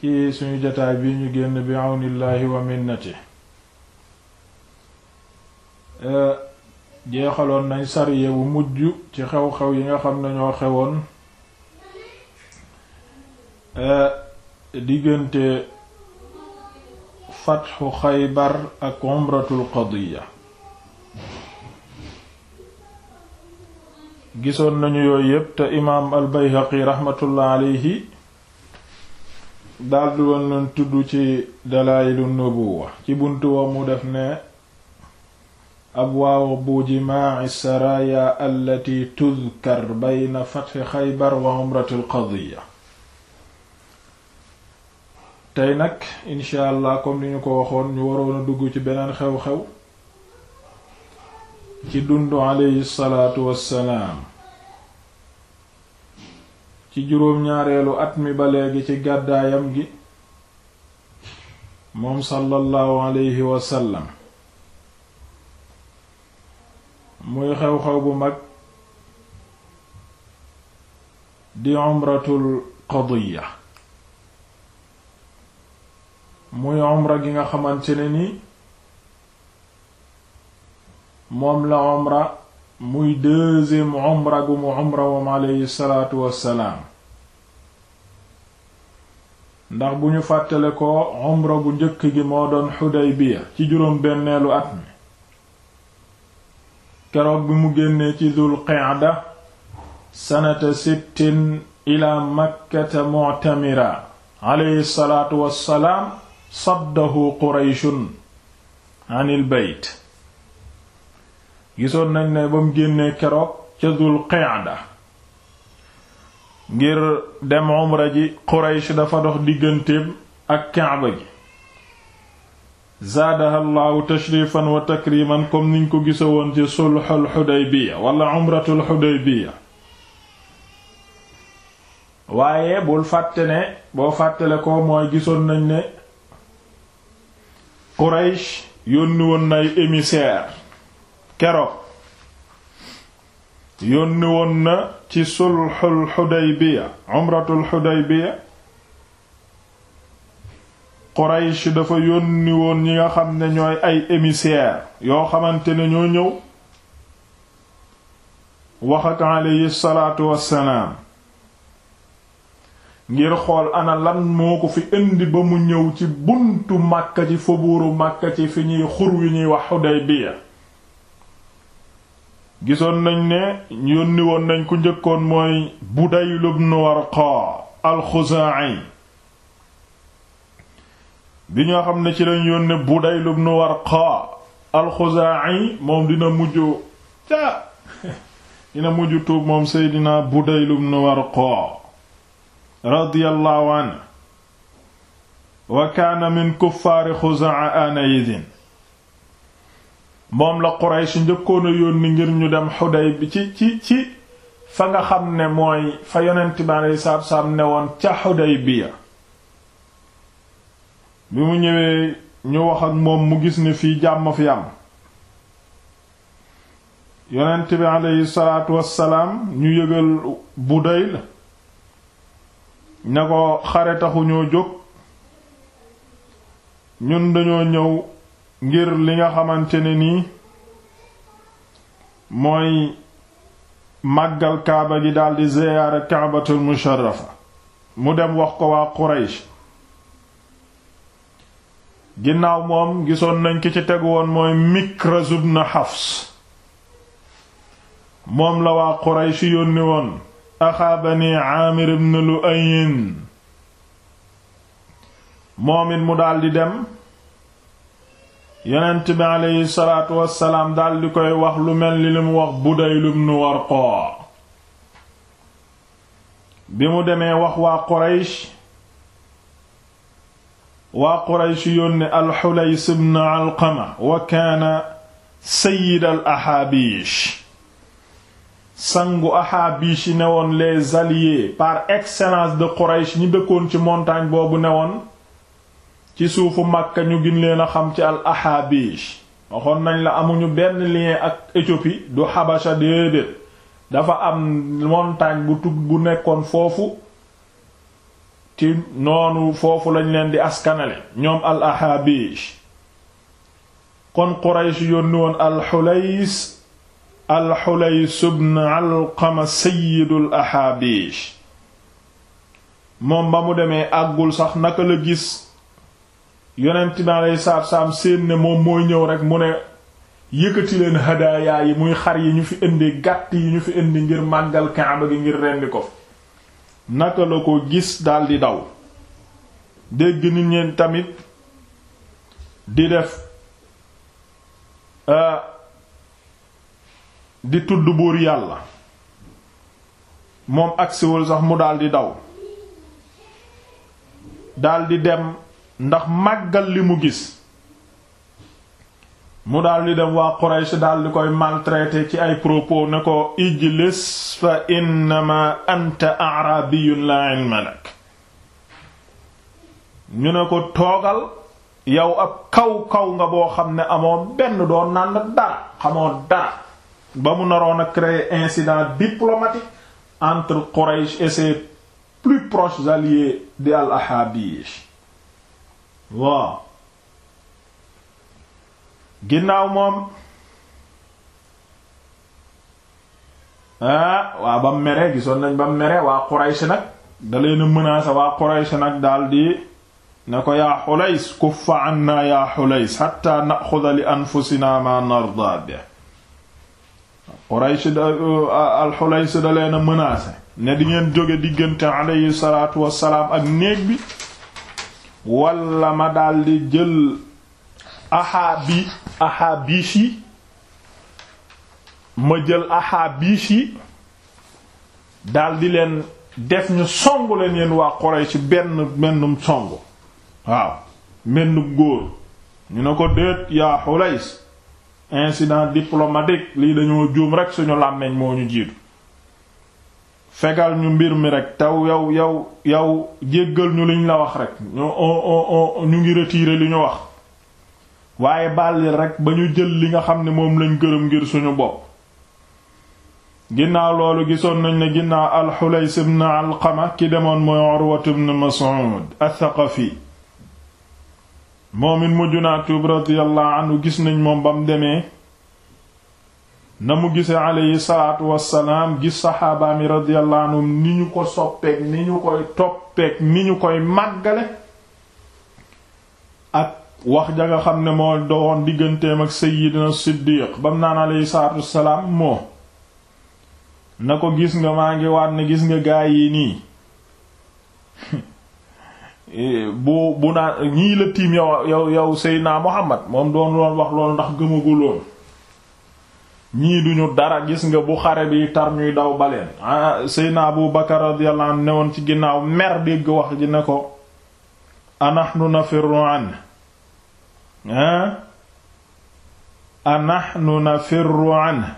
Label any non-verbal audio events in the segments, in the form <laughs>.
ci suñu jotaay bi ñu génn bi àwnillaahi wa minnati jeexaloon nañ sariye bu mujj ci xew-xew yi nga xam ne ñoo xewoon diggante fatxu xaybar ak umratul qadiya gisoon nañu yooyu yépp te imaam al bayhaqi raxmatullah alayhi daldi woon leen tudd ci dalaayilu nubuwa ci buntu wa mu def ne ab abwaabu jimaaci saraaya allati tudkar bayna fatxi xaybar wa umratil qadiya tey nag incha allah comme ñu ko waxoon ñu waroon a dugg ci beneen xew-xew ci dundu aleyhi salaatu wassalaam ci juróom-ñaareelu at mi ba léegi ci gàddaayam gi moom sallallahu alayhi wasallam muy xew-xew bu mag di umratul qadiya muy umra gi nga xamante ni moom la umra muy deuxième umra gu mu umra moom ndax bu ñu fàttale ko umra bu njëkk gi moo doon Xudaybiya ci juróom benneelu at mi keroog bi mu génnee ci Dul Qa'da sanata sittin ila makkata mu'tamira aleyhi salaatu wassalaam saddahu qurayshun anil gisoon nañ ne ba mu génnee keroog ca Dul Qa'da ngir dem umra ji Quraysh dafa dox digganteem ak Kaaba gi zaadaha llahu tashrifan wa takriman comme niñ ko gisoo woon ci sulxul xudaybiya wala umratul xudaybiya waaye bul fàtte ne boo fàttale ko mooy gisoon nañ ne Quraysh yónni nay émissaire keroog yónni na ci sulxul xudaybiya umratul xudaybiya Quraysh dafa yónni woon ñi nga xam ne ñooy ay émissaire yoo xamante ne ñoo ñëw wax ak aleyhi salaatu wassalaam ngir xool ana lan moo ko fi indi ba mu ñëw ci buntu Màkka ci faubourg Màkka ci fi ñuy xur wi ñuy wax Xudaybiya gisoon nañ ne yónni woon nañ ku njëkkoon mooy Budayl ibn Warqa al-Khuzaa'i bi ñoo xam ne ci lañ yónne Budayl ibn Warqa al-Khuzaa'i moom dina mujj ca dina mujj tuub moom Seydina Budayl ibn Warqa radiyallahu anhu wa kaana min kuffaari Khuzaa'a aana'idhin moom la Quraysh njëkkoon a yónni ngir ñu dem xuday bi ci ci ci fa nga xam ne mooy fa yonent bi aleyhi salaatu ne woon ca Xudaybiya bi mu ñëwee ñu wax ak moom mu gis ni fii jàmm fi am yonent bi aleyhi salaatu ñu yëgal Budayl na ko xare taxu ñoo jóg ñun dañoo ñëw ngir li nga xamante ne nii mooy màggal kaaba gi daldi ziyaara kaabatul musharrafa mu dem wax ko waa Quraysh ginnaaw moom gisoon nañ ki ci tegu woon mooy Mikraz ibn Hafs moom la waa Quraysh yónni woon axaa bani Aamir ibn Lu'ay moom it mu daldi dem yonent bi aleyhi salaatu wassalaam daldi koy wax lu mel ni li mu wax Budayl ibn Warqa bi mu demee wax waa Quraysh waa Quraysh yónni al-Hulays Alqama wa kaana sayyid al-ahaabish sangu ahaabish yi newoon les alliés par excellence de Quraysh ñi dëkkoon ci montagne boobu newoon ci suufu Makka ñu gin leen a xam ci al ahaabish waxoon nañ la amuñu benn lien ak Éthiopie du Habasha déedéet dafa am montagne bu tudd bu nekkoon foofu ci noonu foofu lañ leen di askanale ñoom al ahaabish kon Quraysh yónni woon al Hulays al Hulays moom ba mu demee àggul sax naka la gis yonent bi aleyhi salaatu salaam seen ne moom mooy ñëw rek mu ne yëkkati hadaaya yi muy xar yi ñu fi indi gàtt yi ñu fi indi ngir màggal kaaba gi ngir rendi ko naka la ko gis daldi daw dégg nit ñeen tamit di def euh, di tudd buur yàlla moom agsiwul sax mu daldi daw daldi dem ndax màggal li mu gis mu daldi dem waa dal di koy maltraité ci ay propos ne ko ijlis fa innama anta a'rabiyyun la ilma lak ñu ne ko toogal yow ab kaw kaw nga boo xam ne amoo benn doon naan dara xamoo dara ba mu naroon a créer incident diplomatique entre Quraysh et plus proches alliés de al waaw ginnaaw moom ah, waa ba mu mere gisoon nañ ba mu mere waa Quraysh nag da leen menacer waa Quraysh nag daldi ne ko yaa Hulays kuffa anna yaa Hulays hatta na'khudha li anfusina ma narda bi Quraysh da al-Hulays da leen ne di ngeen jóge diggante alayhi salaatu wassalaam ak néeg bi walla ma daldi jël ahaabi ahaabish yi ma jël ahaabish yi daldi leen def ñu song leen yéen waa Quraysh benn mennum song waaw mennum góor ñu ne ko déet yaa Hulays incident diplomatique lii dañoo juum rek suñu làmmiñ moo ñu jiitu fegal ñu mbir mi rek taw yow yow yow jéggal ñu liñ la wax rek ñu ñu ngi retirer li ñu wax waaye bàllil rek ba ñu jël li nga xam ne moom lañ gërëm ngir suñu bopp ginnaaw loolu gisoon nañ ne ginnaaw alxulays ibn alqama ki demoon mooy urwat ibn mas'ud athaqafi moom it mujj naa tuub radiyallahu anhu gis nañ moom bam demee na mu gisee aleyhi salaatu wassalaam gis saxaabaami radiyallahu anhum ni ñu ko soppeek ni ñu koy toppeek ni ñu koy màggale ak wax ja nga xam ne moo doxoon digganteem ak seyyidina siddiq bam naan aleyhi wassalaam moo na ko gis nga maa ngi waat ne gis nga gaa yi nii <laughs> eh, bu bu naan ñii la tiim yow yow yow seydina muhammad moom doon loon wax loolu ndax gëmaguloon ñii duñu dara gis nga bu xare bi tar ñuy daw baleen ah seyna abu bakar radiyallahu anhu ci ginnaaw mer dégg wax ji ne ko anahnu nafirru an ah anahnu nafirru an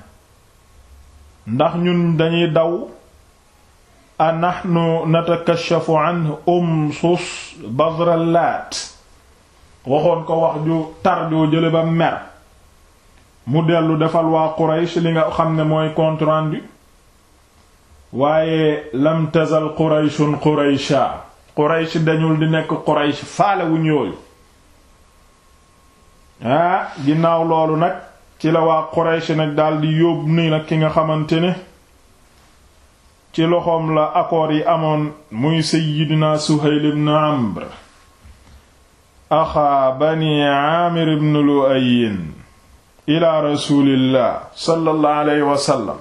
ndax ñun dañuy daw anahnu natakashafu an umsus bazrallaat waxoon ko wax ju tar joo jële ba mer mu dellu defal waa Quraysh li nga xam ne mooy compte rendu waaye lam tazal Qurayshun Quraysha Quraysh dañul di nekk Quraysh faale wuñ yooyu ah ginnaaw loolu nag ci la waa Quraysh nag daldi yóbbu ni nag ki nga xamante ne ci loxoom la accords yi amoon muy Seyyidina Suhayl ibn Amr axaa bani lu ibn Lu'ayyin ila rasulillah sallallahu alayhi wa sallam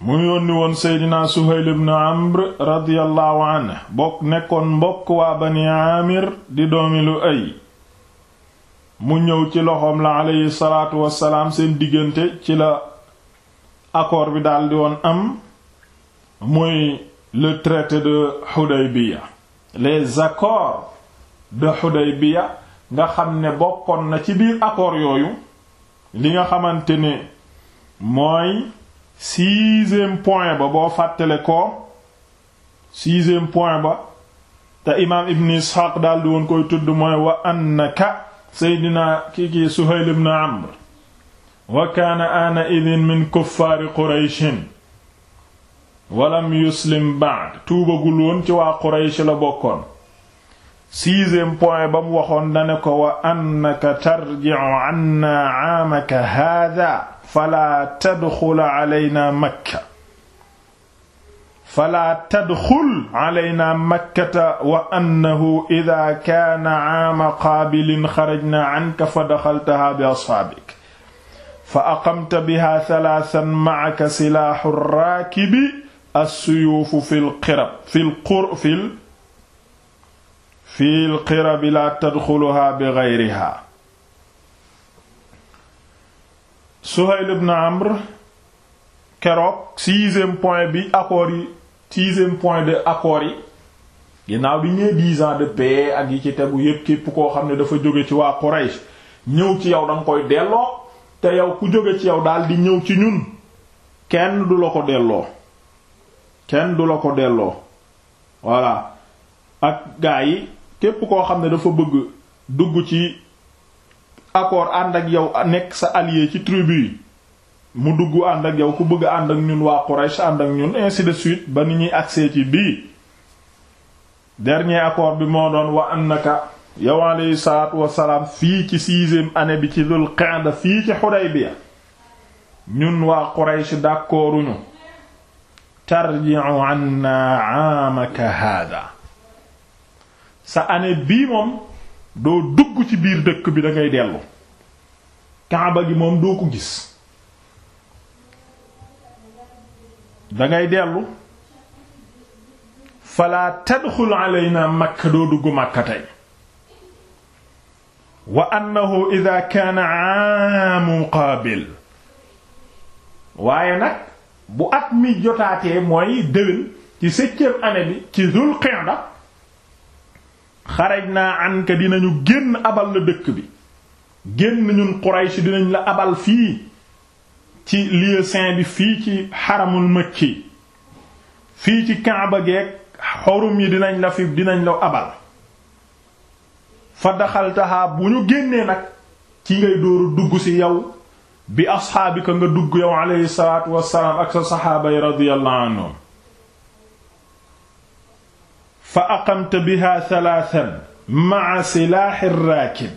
mu yónni woon seydina suhayl ibn amr radiyallahu anhu bokk nekkoon mbokk waa bani aamir di doomi lu ay mu ñëw ci loxoom la aleyhi salaatu wassalaam seen diggante ci la accord bi daldi woon am muy le traité de Hudaybiya les accords de Hudaybiya nga xam ne bokkoon na ci biir accord yooyu li nga xamante ne mooy sixième point ba boo fàttale ko sixième point ba te imaam ibn Ishaq daal di woon koy tudd mooy wa annaka seydina ki kii Suhayl ibn Amr wa kaana ana idin min kuffaari qurayshin walam yuslim ba'd tuubagul woon ci waa quraysh la bokkoon sixième point ba mu waxoon dane ko wa annaka tarji'u anna aamaka haadha fala tadxul alayna makka fala tadxul alayna makkata wa annahu idha kaana aama qaabilin xarajna anka fa daxaltaha bi ashaabik fa aqamta biha thalathan ma'aka silaahu raakibi as-suyuufu fil qirab fil qur fil fi lxirabi la tadxuluha bi geyriha Suhayl ibn Amr keroog sixième point bi accord yi sixième point de accord yi ginnaaw bi ñee dix ans de ak yi ci tegu yépp képp koo xam ne dafa jóge ci waa Quraysh ñëw ci yow danga koy delloo te yow ku jóge ci yow daal di ñëw ci ñun kenn du la ko delloo kenn du la ko delloo voilà ak gaa yi képp koo xam ne dafa bëgg dugg ci accord ànd ak yow nekk sa allié ci tribu mu dugg ànd ak yow ku bëgg ànd ak ñun waa Quraysh ànd ak ñun ainsi de suite ba ni ñuy accès ci bii dernier accord bi moo doon wa annaka yow alayhi salaatu wassalaam fii ci sixième année bi ci Dul Qa'da fii ci Hudaybiya ñun waa Quraysh d'accorduñu tarji'u anna 'aamaka haada sa année bii moom doo dugg ci biir dëkk bi dangay ngay dellu kaaba gi moom doo ko gis dangay ngay dellu fala tadxul alayna makka doo dugg makka tey wa annahu ida kaana aamu qaabil waaye nag bu at mi jotaatee mooy déwén ci septième année bi ci Dul Qa'da xaraj naa anka dinañu génn abal la dëkk bi génn ñun Quraysh dinañ la abal fii ci lieu saint bi fii ci xaramul makki fii ci Kaaba geeg xorum yi dinañ la fi dinañ la abal fa daxaltaha bu ñu génnee nag ci ngay dóoru dugg ci yow bi asxaabika nga dugg yow aleyhi salaatu wassalaam ak sa saxaaba yi radiyallahu anhum fa aqamta bi thalathan ma'a silaahi raakib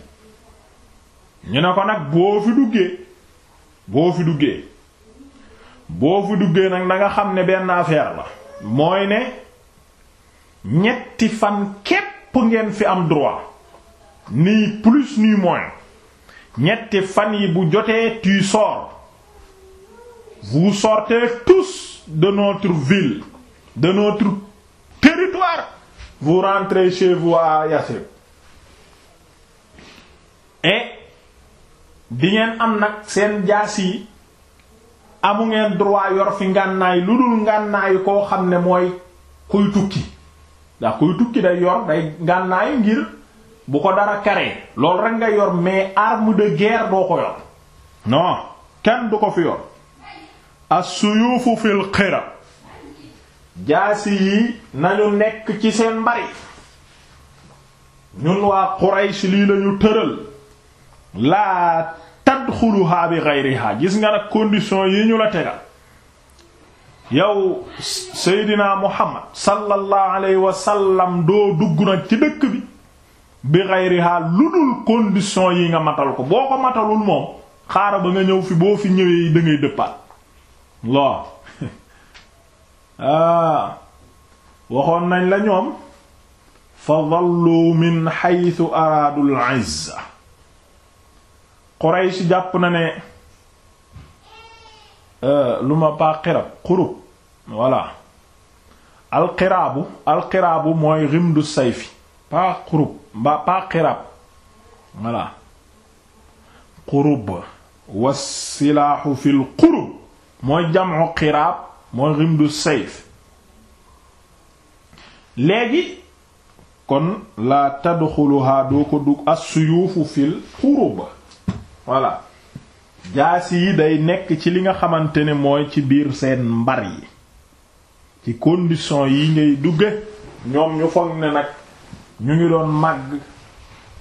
ñu ne ko nag boo fi duggee boo fi duggee nag na nga xam ne benn affaire la mooy ne ñetti fan képp ngeen fi am droit ni plus ni moins ñetti fan yi bu jotee tu sors vous sortez de notre ville de notre territoire vous rentrez chez vous di ngeen am nag seen jaas yi amu ngeen droit yor fi ngànnaay lu dul ngànnaayu koo xam ne mooy kuy tukki ndax kuy tukki day yor day ngànnaayu ngir bu ko dara karee loolu rek nga yor mais arme de guerre doo ko yor non kenn du ko fi yor as-suyufu fil qira jaasi yi nañu nekk ci seen mbari ñun waa Quraysh lii lañu tëral laa tadxuluha bi ghayriha gis nga nag condition yi ñu la tegal yow Seydina Muhammad sallallahu alayhi wa sallam doo dugg nag ci dëkk bi bi ghayriha lu dul condition yi nga matal ko boo ko matalul moom xaaral ba nga ñëw fi boo fi ñëwee da dëppaat ah waxoon nañ la ñoom fa dallu min xaytu araadul izza Quraysh jàpp na ne eh, lu ma paa xirab xurub voilà alxiraabu alxiraabu mooy rimdu sayfi paa xurub mbaa paa xirab voilà xurub wasilaaxu fil xurub mooy jam'u xiraab mooy du sayf léegi kon la tadxuluha doo ko dugg as-suyufu fil xurub voilà jaasi yi day nekk ci li nga xamante ne mooy ci biir seen mbar yi ci condition yi ngay dugge ñoom ñu foog ne nag ñu ngi doon màgg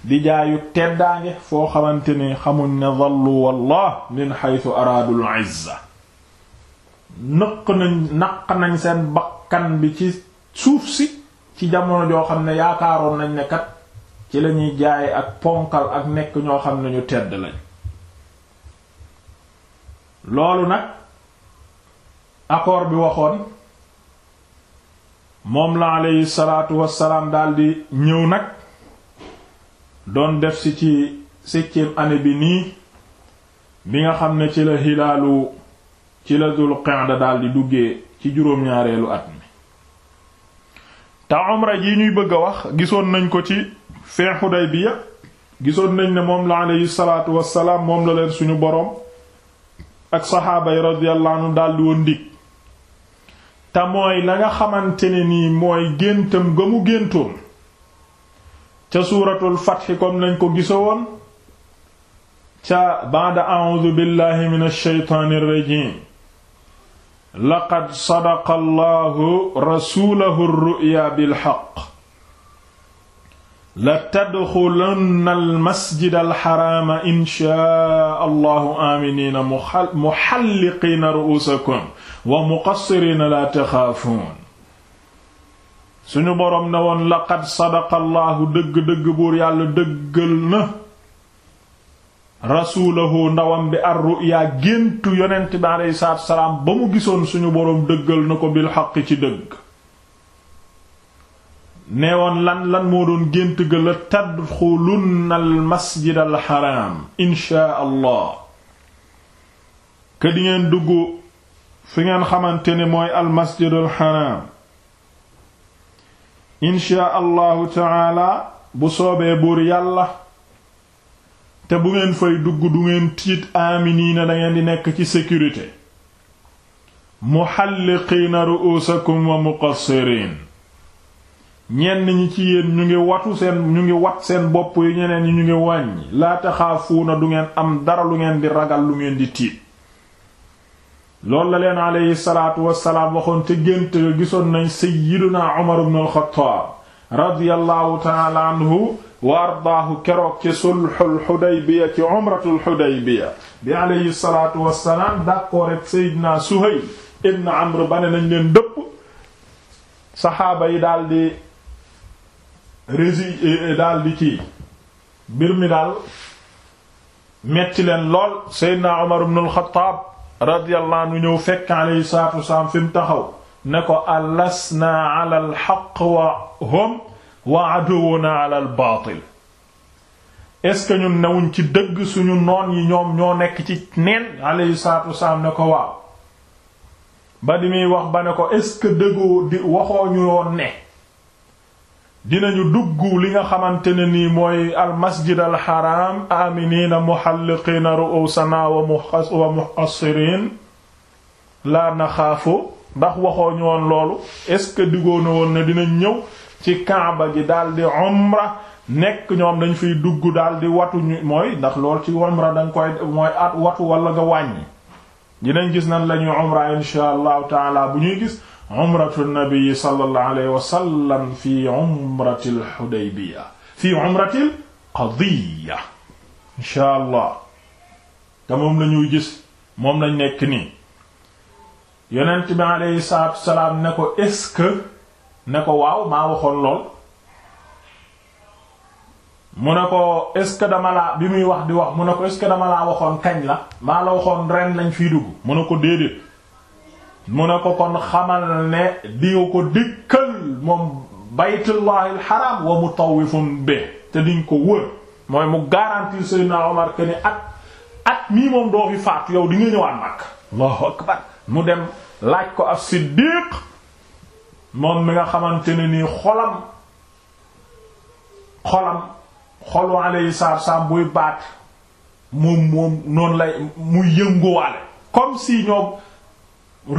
di jaayu teddaange foo xamante ne xamuñ na dallu wallah min xaytu araadul izza nëq naq nañ seen bakkan bi ci suuf si ci jamono joo xam ne yaakaaroon nañ ne kat ci lañuy jaay ak ponkal ak nekk ñoo xam ne ñu tedd lañ loolu nag accord bi waxoon moom la aleyhi salaatu wassalaam daldi ñëw nag doon def si ci septième année bi nii bi nga xam ne ci la hilaalu ci la daal di duggee ci juróom-ñaareelu at mi te umra ji ñuy bëgg a wax gisoon nañ ko ci fin Hudaybiya gisoon nañ ne moom la aleyhi salaatu wassalaam moom la leen suñu boroom ak saxaaba yi radiyallahu anhu daldi woon dig te mooy la nga xamante ne nii mooy géntam ga mu géntoon ca suuratul fatxi comme lañ ko gisoo woon ca ba'da a'uudu billahi minash laqad sadaqa allahu rasulahu ruya bilxaq la tadxulunna almasjid alxaraama inchaa allahu aminina muxalliqiina ru'uusakum wa muqassiriina laa taxaafuun suñu boroom ne woon laqad sadaqa allahu dëgg-dëgg buur yàlla dëggal na rasuulahu ndawam bi ar-ru'ya géntu yonent bi aleyhi salaatu salaam ba mu gisoon suñu boroom dëggal na ko bil xaq ci dëgg neewoon lan lan moo doon gént ga la tadxulunna al masjid al xaraam inchaa allah ke di dugg fi ngeen xamante ni mooy al masjid al xaraam inchaa allahu taala bu soobee buur yàlla te bu ngeen fay dugg du ngeen tiit aaminiina dangeen di nekk ci sécurité muhalliqiina ru'uusakum wa muqassiriin ñenn ñi ci yéen ñu ngi watu ñu ngi wat seen bopp yi ñeneen ñi ñu ngi wàññi laa na du ngeen am dara lu ngeen di ragal lu ngeen di tiit loolu la leen aleyhi salaatu wassalaam waxoon te gént gisoon nañ sayyiduna Umar ibn al-Khattab radiyallahu ta'ala wa ardaahu keroog ci sulhul Hudaybiya ci umratul Hudaybiya bi alayhi salaatu wassalaam d'accord ak Seydina Suhayl ibn Amr bane nañ leen dëpp saxaaba yi daal di rési eh, eh, daal di kii mbir mi daal metti leen lool Seydina Umar ibn al-Khattab radiyallahu anhu ñëw fekk alayhi salaatu wassalaam fi mu taxaw ne ko alasna ala al-haqq wa hum waa aduwuna ala al baatil est-ce que ñun newuñ ci dëgg suñu noon yi ñoom ñoo nekk ci neen alayhi salaatu wasalaam ne ko waaw ba di muy wax ba ne ko est-ce que dëggoo di waxoo ñu woon ne dinañu dugg li nga xamante ne nii mooy al masjid al haram aminina muhalliqina ru'usana wa wa laa na naxaafu ndax waxoo ñu woon loolu est-ce que diggoona woon ne dinañ ñëw ci kaaba gi daal nekk ñoom dañ fiy dugg daal di watu mooy ndax lool ci umra dañ watu wala nga wàññi dinañ gis nañ lañuy umra insha bu ñuy gis umratu nabi sallallahu fi umratil hudaybiya fi te moom la gis moom lañ nekk nii yonent bi alayhi salaatu wa ne ko est ne ko waaw maa waxoon lool mu ne ko est ce dama laa bi muy wax di wax mu ne ko est dama laa waxoon kañ la maa la waxoon ren lañ fiy dugg mu ne ko déedéet mu ne ko kon xamal ne di ko dikkal moom baytullahi alxaram wa mutawifun bi te diñ ko wër mooy mu garantir Seydina Omar que ni at at mii moom doo fi faatu yow di nga ñëwaat mag allahu akbar mu dem laaj ko as-Siddiq moom mi nga xamante ne nii xolam xolam xolu alayhi salaatu salaam buy baat moom moom noonu lay mu yënguwaale comme si ñoom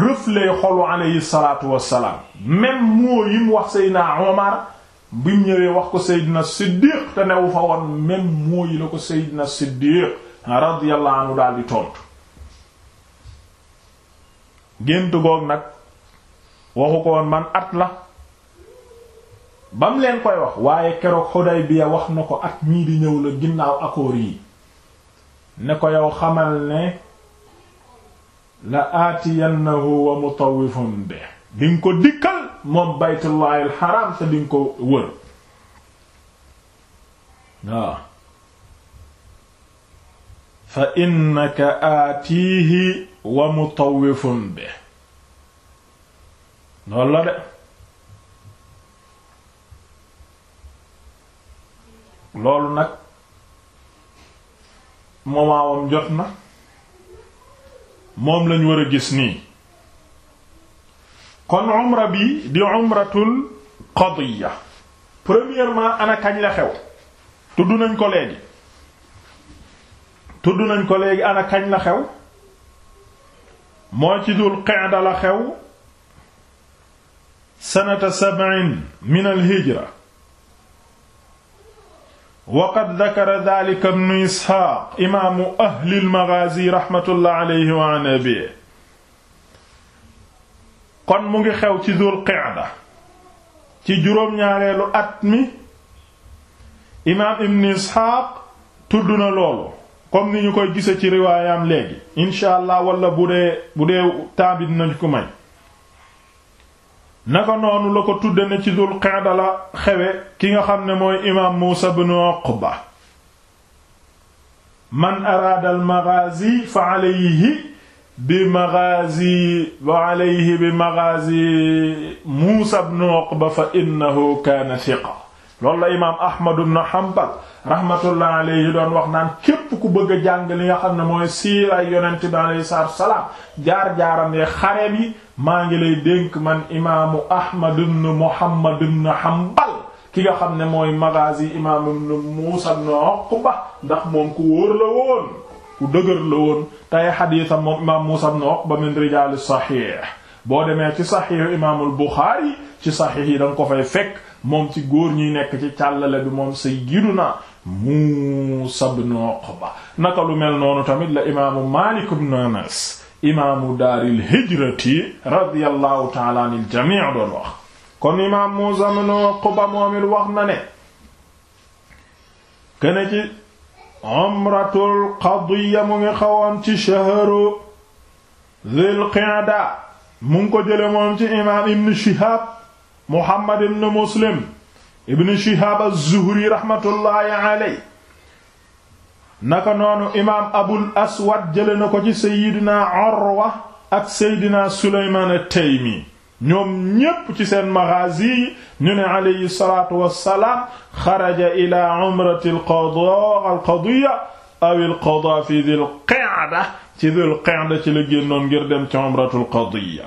reflet xolu alayhi salaatu wassalaam même moo yi mu wax Seydina Omar bi mu ñëwee wax ko Seydina Siddiq te newu fa woon même moo yi la ko Seydina Siddiq radiyallahu anhu daal di tontu gént goog nag waxu ko woon man at la ba mu leen koy wax waaye keroog Xudaybiya wax na ko at mii di ñëw la ginnaaw accord yi ne ko yow xamal ne la aatiyannahu wa mutawifun bi di ko dikkal moom baytullahi alxaram te di ko wër waaw fa innaka aatiihi wa mutawifun bi noonu la de loolu nag momaawam jot na moom lañu war a gis nii kon umra bi di umratul qadiya premièrement ana kañ la xew tudd nañ ko léegi tudd nañ ko léegi ana kañ la xew moo ci dul qa'da la xew sanata sab'in min al-hijra wa qad dakara daalika ibnu Isxaaq ahli al-maghaazi rahmatullahi alayhi wa an kon mu ngi xew ci Dul Qa'da ci juróom-ñaareelu at mi imaam ibnu Isxaaq tudd na loolu comme ni ñu koy gise ci riwaayam léegi incha allah wala bu dee bu dee temps may. naka noonu la ko tudde ne ci dul qaada la xewe ki nga xam ne mooy imaam muusa ibn uqba man araada al maghazi fa alayhi bi maghazi wa alayhi bi maghazi fa innahu kaana thiqa loolu la imaam Ahmad ibn Hanbal rahmatullah alayhi doon wax naan képp ku bëgg a jàng li nga xam ne mooy siiray yonent bi alayhi salaatu salaam jaar-jaaram ne xareem yi maa ngi lay dénk man imaamu Ahmad ibn Muhammad ibn Hanbal ki nga xam ne mooy magazi imaam ibn Muusa ibn Uqba ndax moom ku wóor la woon ku dëgër la woon tey xadiisam moom imaam Muusa ibn Uqba min rijaali saxiix boo demee ci saxiixu imaamul Buxaari ci saxiix yi da ko fay fekk. moom ci góor ñuy nekk ci càllale bi moom sayyiduna Muusa ibn Uqba naka lu mel noonu tamit la imaamu Maalik ibn Anas imaamu daaril hijrati radiyallahu taala anil jamii doon wax kon imaam Muusa ibn Uqba moomit wax na ne kene ci umratul qadiya mu ngi xawoon ci shahru dhil qa'da mu ko jële moom ci imaam ibn Shihaab Muhammad ibn Muslim ibn Shihab az-Zuhri rahmatullahi alayhi naka noonu imaam Abul Aswad jële na ko ci Seydina Urwa ak Seydina Sulaymaan at-Taymi ñoom ñépp ci seen maghazi yi ñu ne alayhi salaatu wassalaam xaraja ila umrati al-qadaa al-qadiya aw al-qadaa fi dhil qa'da ci dhil qa'da ci la génnoon ngir dem ci umratul qadiya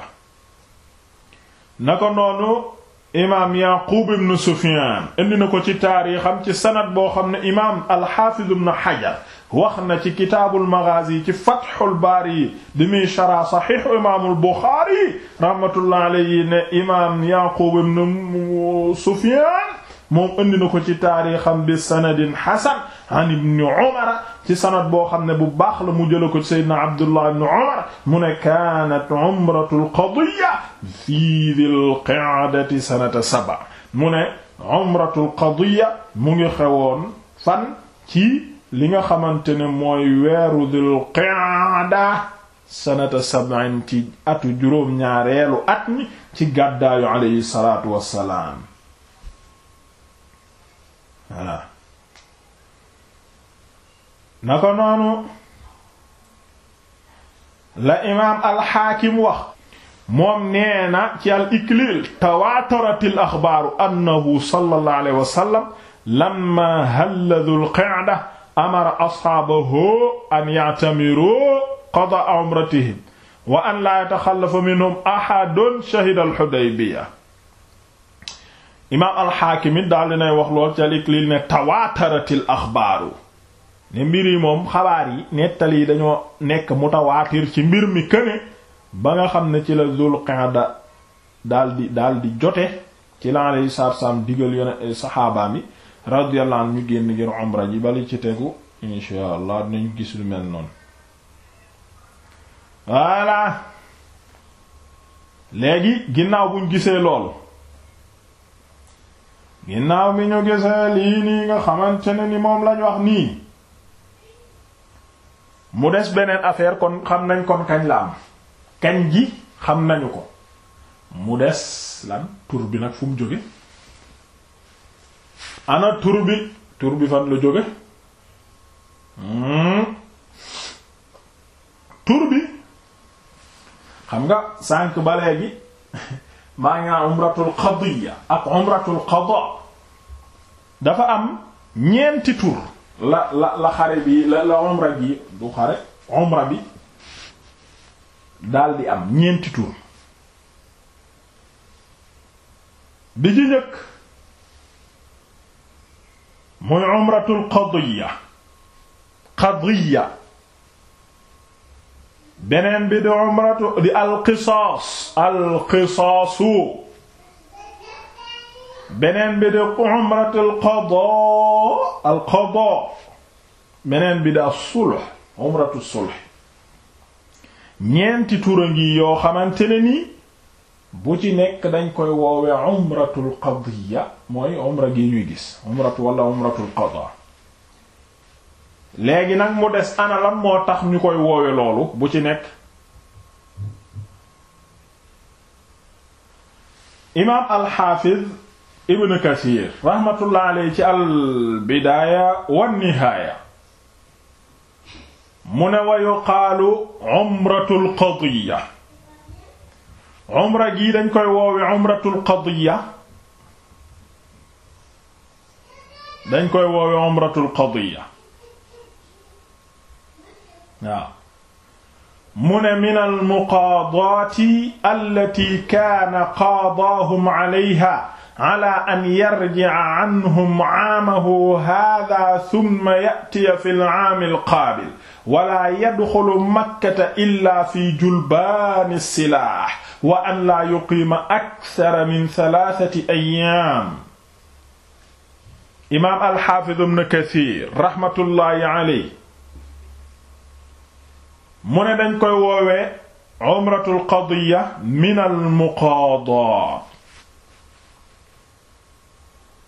naka noonu imaam Yaquub ibn Sufyaan indi na ko ci taarixam ci sanad boo xam ne imaam al-Haafiz ibn Hajar wax na ci kitaabul Maghaazi ci Fathul Baari bi muy shara Saxiix imaamul Buxaari rahmatullahi alayhi ne imaam Yaquub ibn Sufyaan moom indi na ko ci taarixam bi sanadin hasan an ibni umara ci sanad boo xam ne bu baax la mu jëla ko ci sayyidina abdullah ibni umar mu ne kaanat umratul qadiya fii dil qa'dati sanata saba mu ne umratul qadiya mu ngi xewoon fan ci li nga xamante ne mooy weeru dil qa'da sanata sab'in ci atu juróom ñaareelu at mi ci gàddaayu alayhi salaatu wassalaam voilà na ko noonu la imaam alxaakim wax moom nee na ci al iklil tawaatarat al axbaaru annahu sallallahu alayhi wa sallam lamma halla dhul qa'da amara ashaabahu an ya'tamiru qada umratihim wa an la yataxallafa minhum ahadun shahida al hudaybiya imaam alxaakim it daal dinay wax lool ca Iqliil ne tawaataratil axbaaru ne mbir yi moom xabaar yi nettali yi dañoo nekk mu mutawaatir ci mbir mi këne ba nga xam ne ci la Zul Qa'da daal di daal jote ci la yi salaatu salaam digal yone eh, saxaabaam yi radiyallahu ñu génn ngir umra ji bali ci tegu insha allah dinañ gis lu mel noonu voilà léegi ginnaaw buñ gisee lool ginnaaw mi ñu gisee lii nii nga xamante ni moom lañ wax nii mu des beneen affaire kon xam nañ kon kañ la am kañ gi xam nañu ko mu des lan tur bi nag fu mu jóge ana tur bi tur bi fan la jóge hmm? tur bi xam nga sànq ba léegi <laughs> maa ngi naan umratul qadiya ak umratul dafa am ñeenti tur la la xare bi la la umra bi du xare umra bi daal di am ñeenti tur qadiya qadiya beneen bi di umratu di alqisaas alqisaasu beneen bi di umratu alqadaa alqadaa beneen bi di as-sulh umratu sulh ñeenti tura ngi yoo xamante ni bu ci nekk dañ koy woowe umratu alqadiya mooy umra gi ñuy gis umratu wala umratu alqadaa léegi nag mu des ana lan moo tax ñu koy woowe loolu bu ci nekk imaam alxaafiz ibn kasiir raxmatullah alayhi ci al bidaaya wan nihaaya mu ne wa yuqaalu umratul qadiya umra gii dañ koy woowe umratul qadiya dañ koy woowe umratul qadiya waaw mu ne min almuqaadaati allati kaana qaadaahum calayha ala an yarjica canhum caamahu haadaa summa ya'tiya fi lcaami alqaabil wala yadxulu makkata illaa fi julbaani silaax wa an laa yuqiima akthara min salaasati ayyaam. imaam alxaafiz ibn kasiir raxmatullaahi alayhi mu ne dañ koy woowee umratul qadiya min al muqaada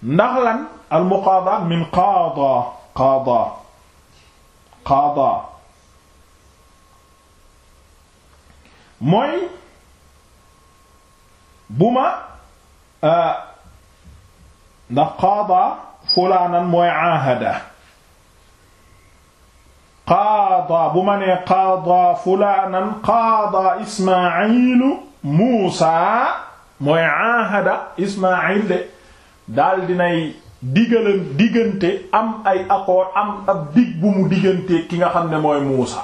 ndax lan al muqaada min qaada qaada qaada mooy bu ma euh, ndax qaada fulaanan mooy aahada qaada bu ma nee qaada fulaanan qaada ismailu muusa mooy ahada ismail de daal dinay digalan diggante am ay accord am ab dig bu mu diggante ki nga xam ne mooy muusa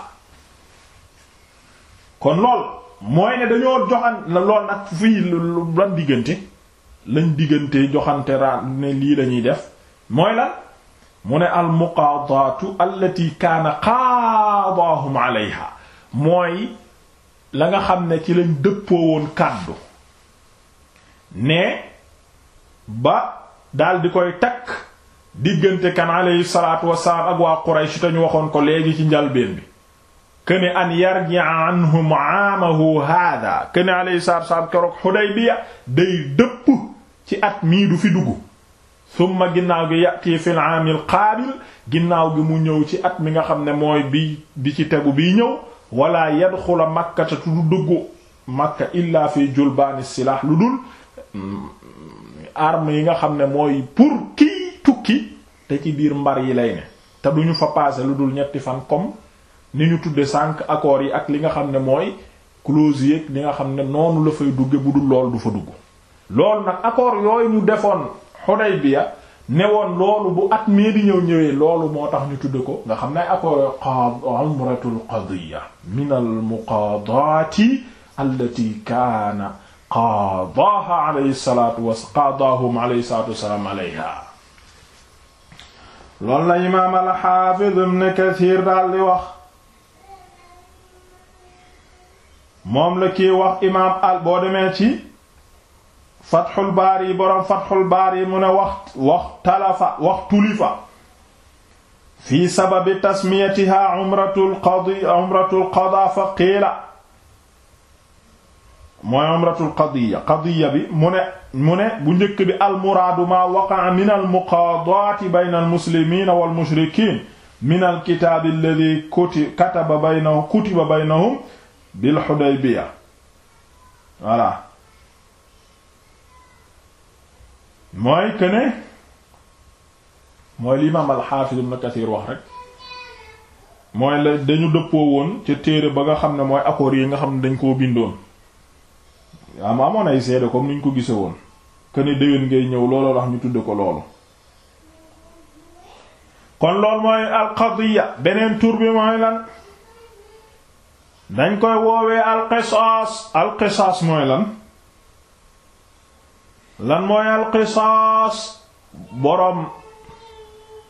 kon lool mooy ne dañoo joxan lool nag fii lan diggante lañ diggante joxante raa ne lii lañuy def mooy lan mu ne al muqaadaatu allati kaana qaadaahum alayha mooy la nga xam ne ci lañ dëppoo woon kàddu ne ba daldi koy takk diggante kan alayhi salaatu wasalaam ak waa Quraysh te waxoon ko léegi ci njalbeen bi këne an yarji'a anhum aamahu haada këne alayhi salaatu wasalaam keroog Hudaybiya day dëpp ci at mii du fi dugg summa ginnaaw gi yati fil aamil qaabil ginnaaw gi mu ñëw ci at mi nga xam ne mooy bi bi ci tegu biy ñëw wala yadxula makkata du dugg makka illa fi julbaani silah lu dul mm, arme yi nga xam ne mooy pour kii tukki te ci biir mbar yi lay ne te duñu fa paase lu dul ñetti fan comme ni ñu tudde sànq accords yi ak li nga xam ne mooy clause yi ak li nga xam ne noonu la fay dugge bu dul lool du fa dugg loolu nag accord yooyu ñu defoon Hudaybiya ne woon loolu bu at mii di ñëw ñëwee loolu moo tax ñu tudd ko nga xam ne accord euh, umratul qadiya min al muqaadaati allati kaana qaadaaha alayhi salaatu wa qaadaahum alayhi salaatu wassalaam alayha loolu la imaam al xaafid ibn Kasiir daal di wax moom la kii wax imaam al boo demee ci Fathul Baari boroom Fathul Baari mu ne wax wax talafa wax tulifa fi sababi tasmiyatiha umratul qadi umratul qada fa qiila mooy umratul qadiya qadiya bi mu ne mu ne bu njëkk bi almuraadu maa waqa'a min almuqaadaati bayna almuslimiina walmushrikiina min alkitaabi alladii kutiba baynahum kutiba baynahum bilxudaybiya voilà mooy que mooy li imaam al-Hafiz Ibn wax rek mooy la dañu dëppoo woon ca téere ba nga xam ne mooy accords yi nga xam ne dañ koo bindoon waaw ma amoon ay seede comme ni ñu ko gise woon que ne déwén ngay ñëw looloo tax ñu tudde ko loolu kon loolu mooy al beneen tur bi mooy lan dañ koy woowee al-qisas mooy lan lan mooy alqisaas boroom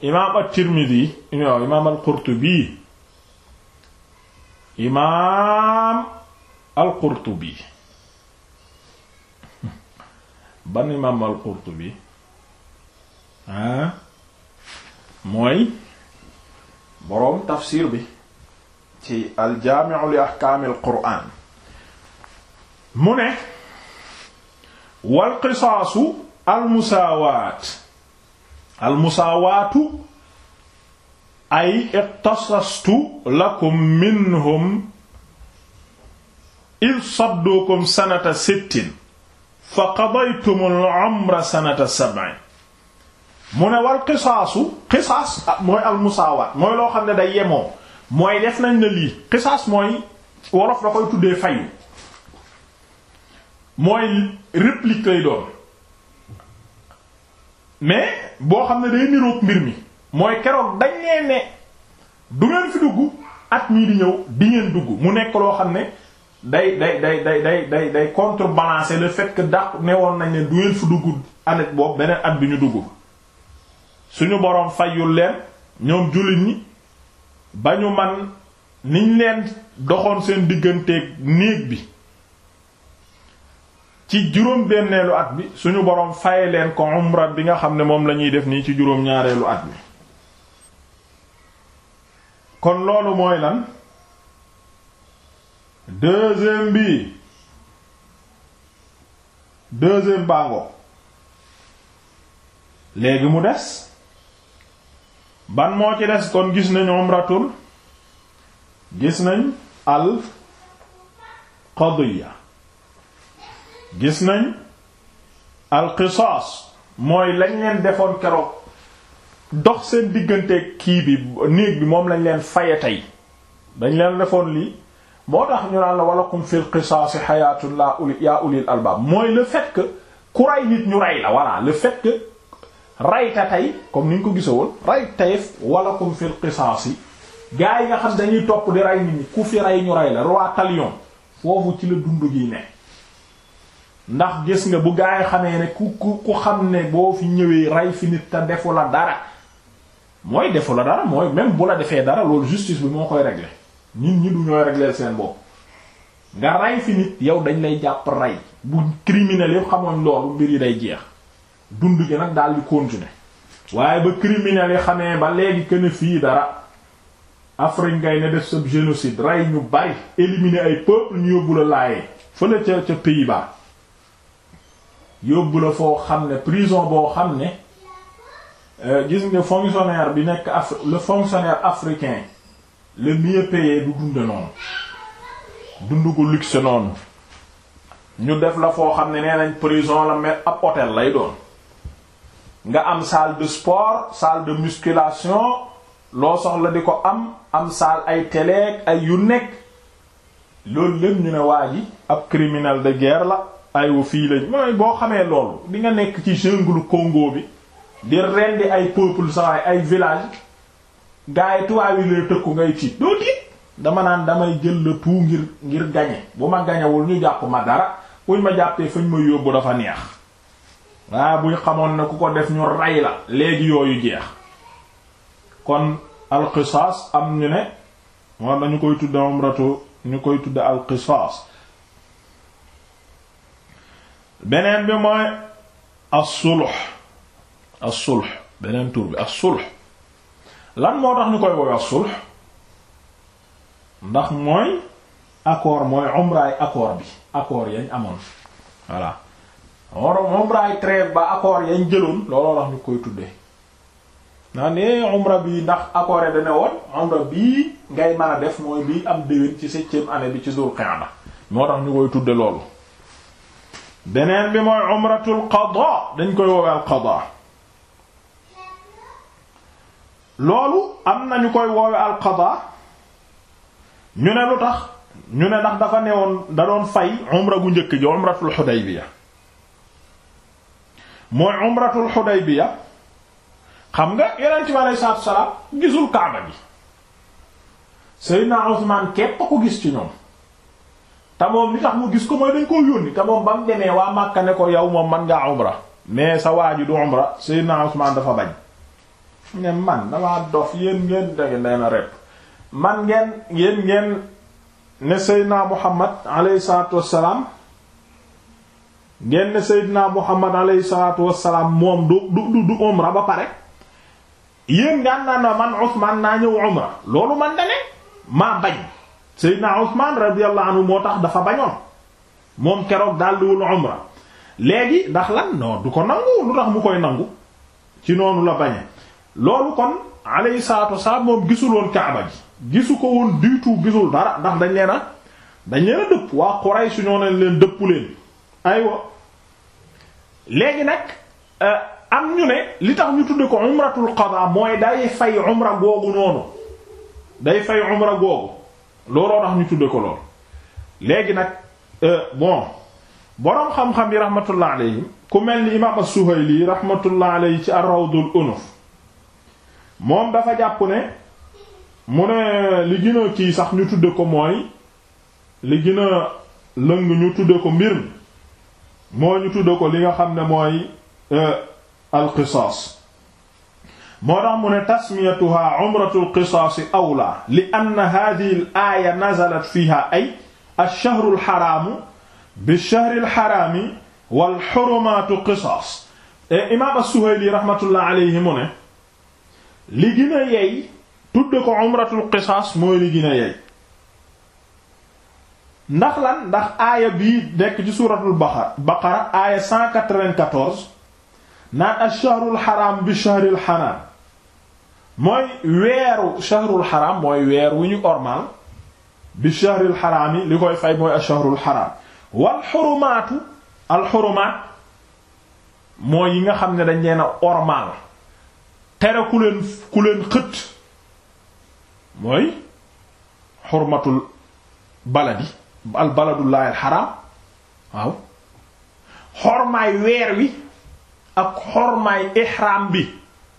imaam at-Tirmidi non imaam al-Qurtubi imaam al-Qurtubi <laughs> ban imaam al-Qurtubi ah mooy boroom tafsir bi ci al-Jaami'u li ahkaamil Qur'aan mu ne wal qisaasu almusaawaat almusaawaatu ay iqtasastu lakum minhum id sadduukum sanata sittin fa qadaytum al-umra sanata sab'in mu ne wal qisaasu qisaas ah, mooy almusaawaat mooy loo xam ne day yemoo mooy def nañ na lii qisaas mooy wolof da koy tuddee fayu mooy réplique lay doon mais boo xam ne day niroog mbir mi mooy keroog dañ nee ne du ngeen fi dugg at mii di ñëw di ngeen dugg mu nekk loo xam ne day day day day day day day contrebalancer le fait que dàq woon nañ ne du ngeen fi dugg année boobu beneen at bi ñu dugg suñu boroom fayul leen ñoom jullit ñi ba ñu man niñ leen doxoon seen digganteeg néeg bi ci juróom benneelu at bi suñu boroom faye leen ko umra bi nga xam ne moom la ñuy def nii ci juróom ñaareelu at bi kon loolu mooy lan bii bi deuxième bango léegi mu des ban moo ci des kon gis nañu umratul gis nañ al yi gis nañ alqisaas mooy lañ leen defoon keroog dox seen diggante kii bi néeg bi moom lañ leen faye tey dañ leen defoon lii boo tax ñu naan la walakum fil qisaasi xayaatun la uli yaa ulil albaab mooy le fait ku rey nit ñu rey la voilà le fait que tey comme ni ñu ko gisawoon ray tayef walakum fil qisaasi gaa yi nga xam dañuy topp di rey nit ñi ku fi rey ñu rey la roi talion foofu ci la dund gi ne ndax gis nga bu gaa yi xamee ne ku ku xam ne boo fi ñëwee rey fi nit te defu la dara mooy defu la dara mooy même bu la defee dara loolu justice bi moo koy régler nit ñi du ñooy seen bopp nga rey fi nit yow dañ lay jàpp rey bu criminel yëpp xamoon loolu mbir yi day jeex dund gi nag daal di continuer waaye ba criminel yi xamee ba léegi kenn fii dara Afrique ngay ne def sa génocide rey ñu bari éliminer ay peuple ñu yóbbu la laayee fële ca ca pays yóbbu la foo xam ne prison boo xam ne euh, gis nga fonctionnaire bi nekk Af le fonctionnaire africain le mieux payé du dund noonu dund ko luxe noonu ñu def la foo xam ne nee nañ prison la mais ab hôtel lay doon nga am salle de sport salle de musculation loo soxla di ko am am salle ay tele ay yu nekk loolu lépp ñu ne waa ji ab criminel de guerre la. aywa fii lañ mooy boo xamee loolu di nga nekk ci jungle Congo bi di rendi ay peuple sawaay ay village gars yi tubaab yi tëkku ngay tiit doo tiit dama naan damay jël le tout ngir ngir gañe bu ma gañewul ñu jàpp ma dara buñ ma jàppee fañ ma yóbbu dafa neex waa buñ xamoon ne ku ko def ñu rey la léegi yooyu jeex kon alqisaas am ñu ne moom dañu koy tudda umratu ñu koy tudda alqisaas beneen bi mooy as-sulh as-sulh beneen tur bi as-sulh lan moo tax ñu koy woowee as-sulh ndax mooy accord mooy umraay accord bi accord yañ amoon voilà umraay trêve ba accord yañ jëloon looloo tax ñu koy tuddee naa ne eh, umra bi ndax accord yi dana woon umra bii ngay mën a def mooy bii am déwén ci septième année bi ci Dul Qa'da moo tax ñu koy tudde loolu beneen bi mooy umratul dañ koy woowe al qada loolu am na ñu koy woowe al qada ñu ne lu tax ñu ne ndax dafa newoon da doon fay umra gu njëkk ji umratul xudaybiya mooy umratul xudaybiya xam nga yonent bi aleyhi salaatu wa salaam kaaba gi Seydina Usmaan képp ko gis ci ñoom te moom li tax mu gis ko mooy dañ koo yónni te moom ba mu demee waa Makka ne ko yow moom man ngaa umra mais sa waa ji du umra Seydina Usmaan dafa bañ ne man damaa dof yéen ngeen dégg nee na man ngeen yéen ngeen ne Seydina Muhammad alayhi salaatu wassalaam ngeen ne Seydina Muhammad alayhi salaatu wassalaam moom du du du umra ba pare yéen ngaan naa na man Usmaan naa ñëw umra loolu man dane maa bañ Seydina Usmaan radiyallahu anhu moo tax dafa bañoon moom keroog daal liwul umra léegi ndax lan non du ko nangu lu tax mu koy nangu ci noonu la bañe loolu kon alayhi salaatu wasalaam moom gisul woon kaaba ji gisu ko woon du tout gisul dara ndax dañ leen a dañ leen a dëpp waa Quraysh su ñoo nañ leen dëpp leen aywa léegi nag euh, am ñu ne li tax ñu tudde ko umratul qada mooy day fay umra googu noonu day fay umra googu looloo tax ñu tudde ko lool léegi nag euh, bon boroom xam-xam yi rahmatullah alayhi ku mel ni imaam as-Suhayli rahmatullah alayhi ci ar-Rawdul Unuf moom dafa jàpp ne mu ne li gën a sax ñu tudd ko mooy li gën a lëng ñu tudde ko mbir mi moo ñu tudde ko li nga xam ne mooy euh, al-qisaas moo tax mu ne tasmiyatuha umratul qisaasi awla li anna haadihi al-aaya nazalat fiiha ay ash-shahru al-haraamu bish-shahri al-haraami wal hurumaatu qisaas e, imaam as-Suhayli rahmatullah alayhi mu ne li gën a yey tudde ko umratul qisaas mooy li gën a yey ndax lan ndax aaya bii nekk ci suuratul baqara aaya 194 naan ash-shahrul haraam bish-shahril haraam mooy weeru shahrul xaram mooy weer wu ñu ormal bi shahril xaraam li koy fay mooy a shahrul xaram wal xurumaatu al xurumaat mooy yi nga xam ne dañ leen a ormal tere ku leen xët mooy xurmatul baladi al baladullahi al xaram waaw xormaay weer wi ak xormaay ihram bi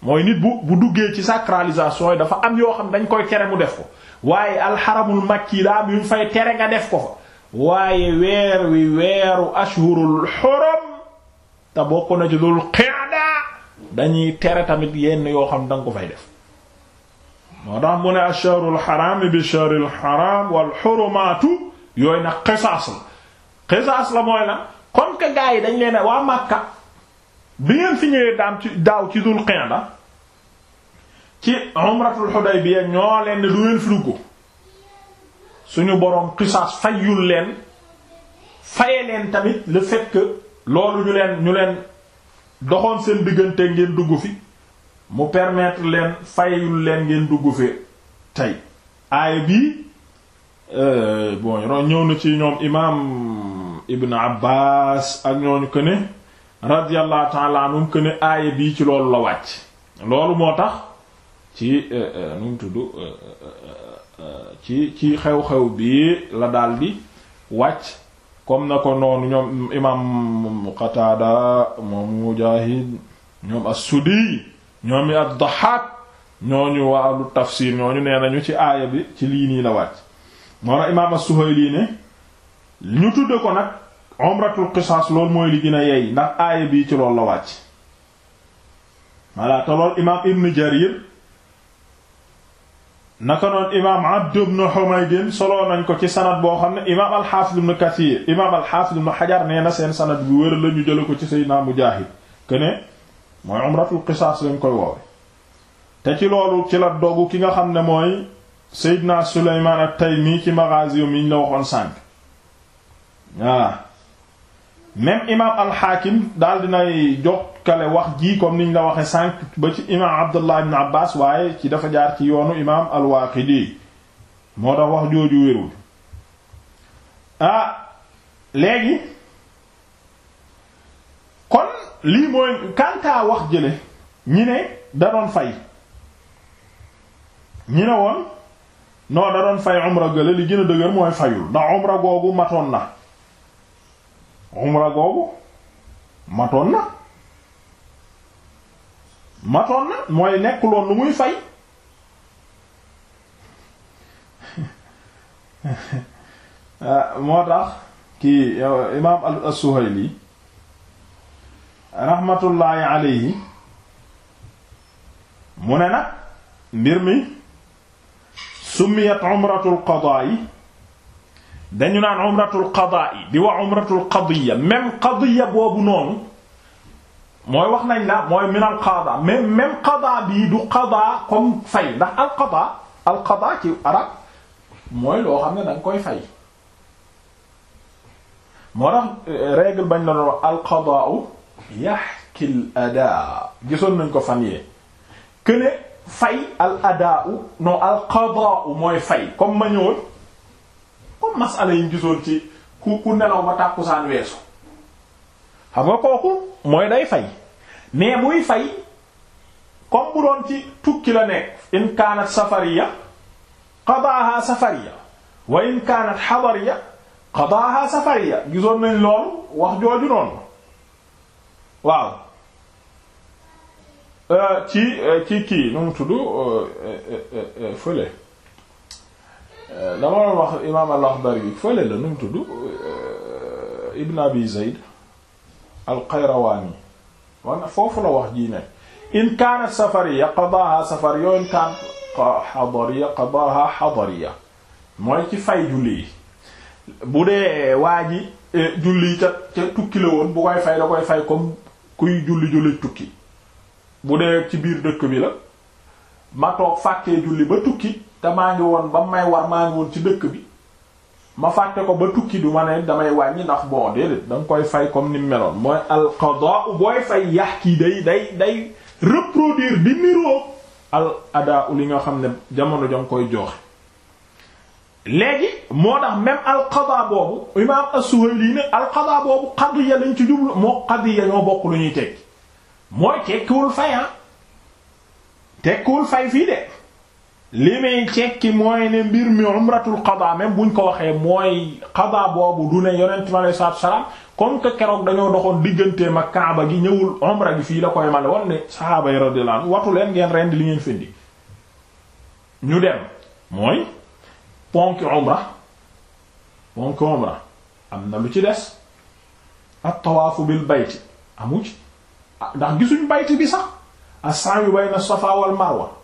mooy nit bu bu duggee ci sacralisation yi dafa am yoo xam dañ koy tere mu def ko waaye alxaramul makki daa bi mu fay tere nga def ko fa waaye weer wi weeru ashhurul xurum te bokk na ci dul qa'da dañuy tere tamit yenn yoo xam danga ko fay def moo tax mu ne asharul xaraami bi sharil xaram wal xurumaatu yooyu nag qisaas la qisaas la mooy la kon que gars yi dañ leen waa Makka bi ngeen fi ñëwee daam ci daaw ci dul qinda ci umratul Hudaybiya ñoo leen ne du ngeen fi dugg suñu boroom qisaas fayul leen faye leen tamit le fekk loolu ñu leen doxoon seen diggante ngeen dugg fi mu permettre leen fayul leen ngeen dugg fi tey aaya bii euh, bon ñëw na ci ñoom imaam Ibn Abbas ak ñooñu ko ne radiyallahu ta'ala anhum que ne aaya bii ci loolu la wàcc loolu moo tax ci euh, euh, nu mu tudd euh, ci ci xew-xew bi la daldi wàcc comme na ko noonu ñoom imam Qataada moom Mujaahid ñoom as-Sudi ñoom ad-Dahhaak ñooñu wàllu tafsir ñooñu nee nañu ci aaya bi ci lii nii la wàcc moo tax imaam as-Suhayli ne ñu tudde ko nag umratul qisaas loolu mooy li gën a yey ndax aaya bii ci lool la wàcc voilà te lool imaam ibn jarir naka noon imaam abd ibn humaydin soloo nañ ko ci sanad boo xam ne imaam alxaafid ibn kathir imaam alxaafid ibn xajar nee na seen sanad bi wér la ñu ko ci seydina mujaahid que ne mooy umratul qisaas lañ koy woowe te ci loolu ci la dogu ki nga xam ne mooy seydina suleymaan at-taymi ci maghazi yi ñu la waxoon sànk waaw même imaam alxaakim daal dinay jokkale wax jii comme niñ la waxe sànq ba ci imaam abdullah ibn abbas waaye ci dafa jaar ci yoonu imaam alwaaqidi moo tax wax jooju wérul ah léegi kon lii mooy kantaa wax jële ñi ne da doon fay ñi ne woon non da doon fay umra gële li gën a dëgër mooy fayul ndax umra googu matoon na umra googu matoon na matoon na mooy nekkuloon lu muy fay <laughs> moo tax kii imaam al-Suhayli rahmatullahi alayhi mu ne nag mbir mi summiyat umratul qadaa'i dañu naan umratul qadaa'i di wax umratul qadiya même qadiya boobu noonu mooy wax nañ la mooy min al qadaa mais même qadaa du qadaa comme fay ndax al qadaa al qadaa ci arab mooy loo xam ne da koy fay moo tax euh, règle bañ la doon wax al qadaa'u yaxki al adaa gisoon nañ ko fan yee këne fay al adaa'u non al qadaa'u mooy fay comme ma comme masala yi gisoon ci ku ku nelaw ma tàkkusaan weesu xam nga kooku mooy day fay mais muy fay comme bu doon ci tukki la nekk in kaanat safariya qadaaha safariya wa in kaanat xadariya gisoon nañ loolu wax jooju noonu waaw euh, ci euh, ci kii nu mu tudd euh, fële dama doon wax imaam al yi fële la nu mu tudd euh, Ibn Abi Zayd al-Qayrawani wan foofu la wax jii ne in kaanat safariya qadaaha safar mooy ci fay julli yi bu dee waa eh, julli ca ca tukki la woon bu koy fay da koy fay comme kuy julli julli tukki bu dee ci biir dëkk bi la ma toog fàkkee julli ba tukki te maa ngi woon ba may war maa ngi woon ci dëkk bi ma fàtte ko ba tukki du ma ne damay wàññi ndax bon déedéet da nga koy fay comme ni meloon mooy alqadaa booy fay yax kii day day day rëproduir di niroo al adaa li nga xam ne jamono jang koy joxe léegi moo tax même alqadaa boobu imaam as-Suhayli ne alqadaa boobu qadiya lañ ci jublu moo qadiya ñoo bokk lu ñuy tekki mooy tekkiwul fay ah, tekkiwul fay fii de li muy cekki mooy ne mbir mi umratul qada même buñ ko waxee mooy qada boobu du ne yonent bi alei salaam comme que keroog dañoo doxoon diggante ak kaaba gi ñëwul umra gi fii la koy mën war ne sahaaba yi radiyallahu watu leen ngeen rendi li ngeen findi ñu dem mooy ponki umra ponki umra am na lu ci des ak tawaafu bil bayti amu ah, ndax gisuñ bayti bi sax as-sa'yu bayna safa wal marwa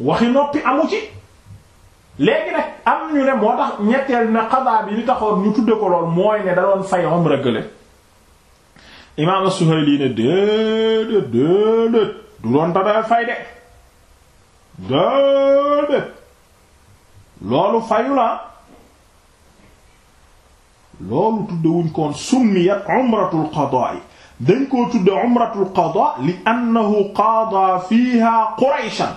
waxi noppi amu ci am ñu ne moo tax ñetteel ne xadaa bi li taxoon ñu tudde ko lool mooy ne da doon fay umra gële imaam as-Suhayli ne déedéet déedéet du doon tada fay de déedéet loolu fayu la loolu tudde wuñ koon summiyat umratul qadaa yi dañ koo tudde qadaa li annahu qaada fiiha qurayshan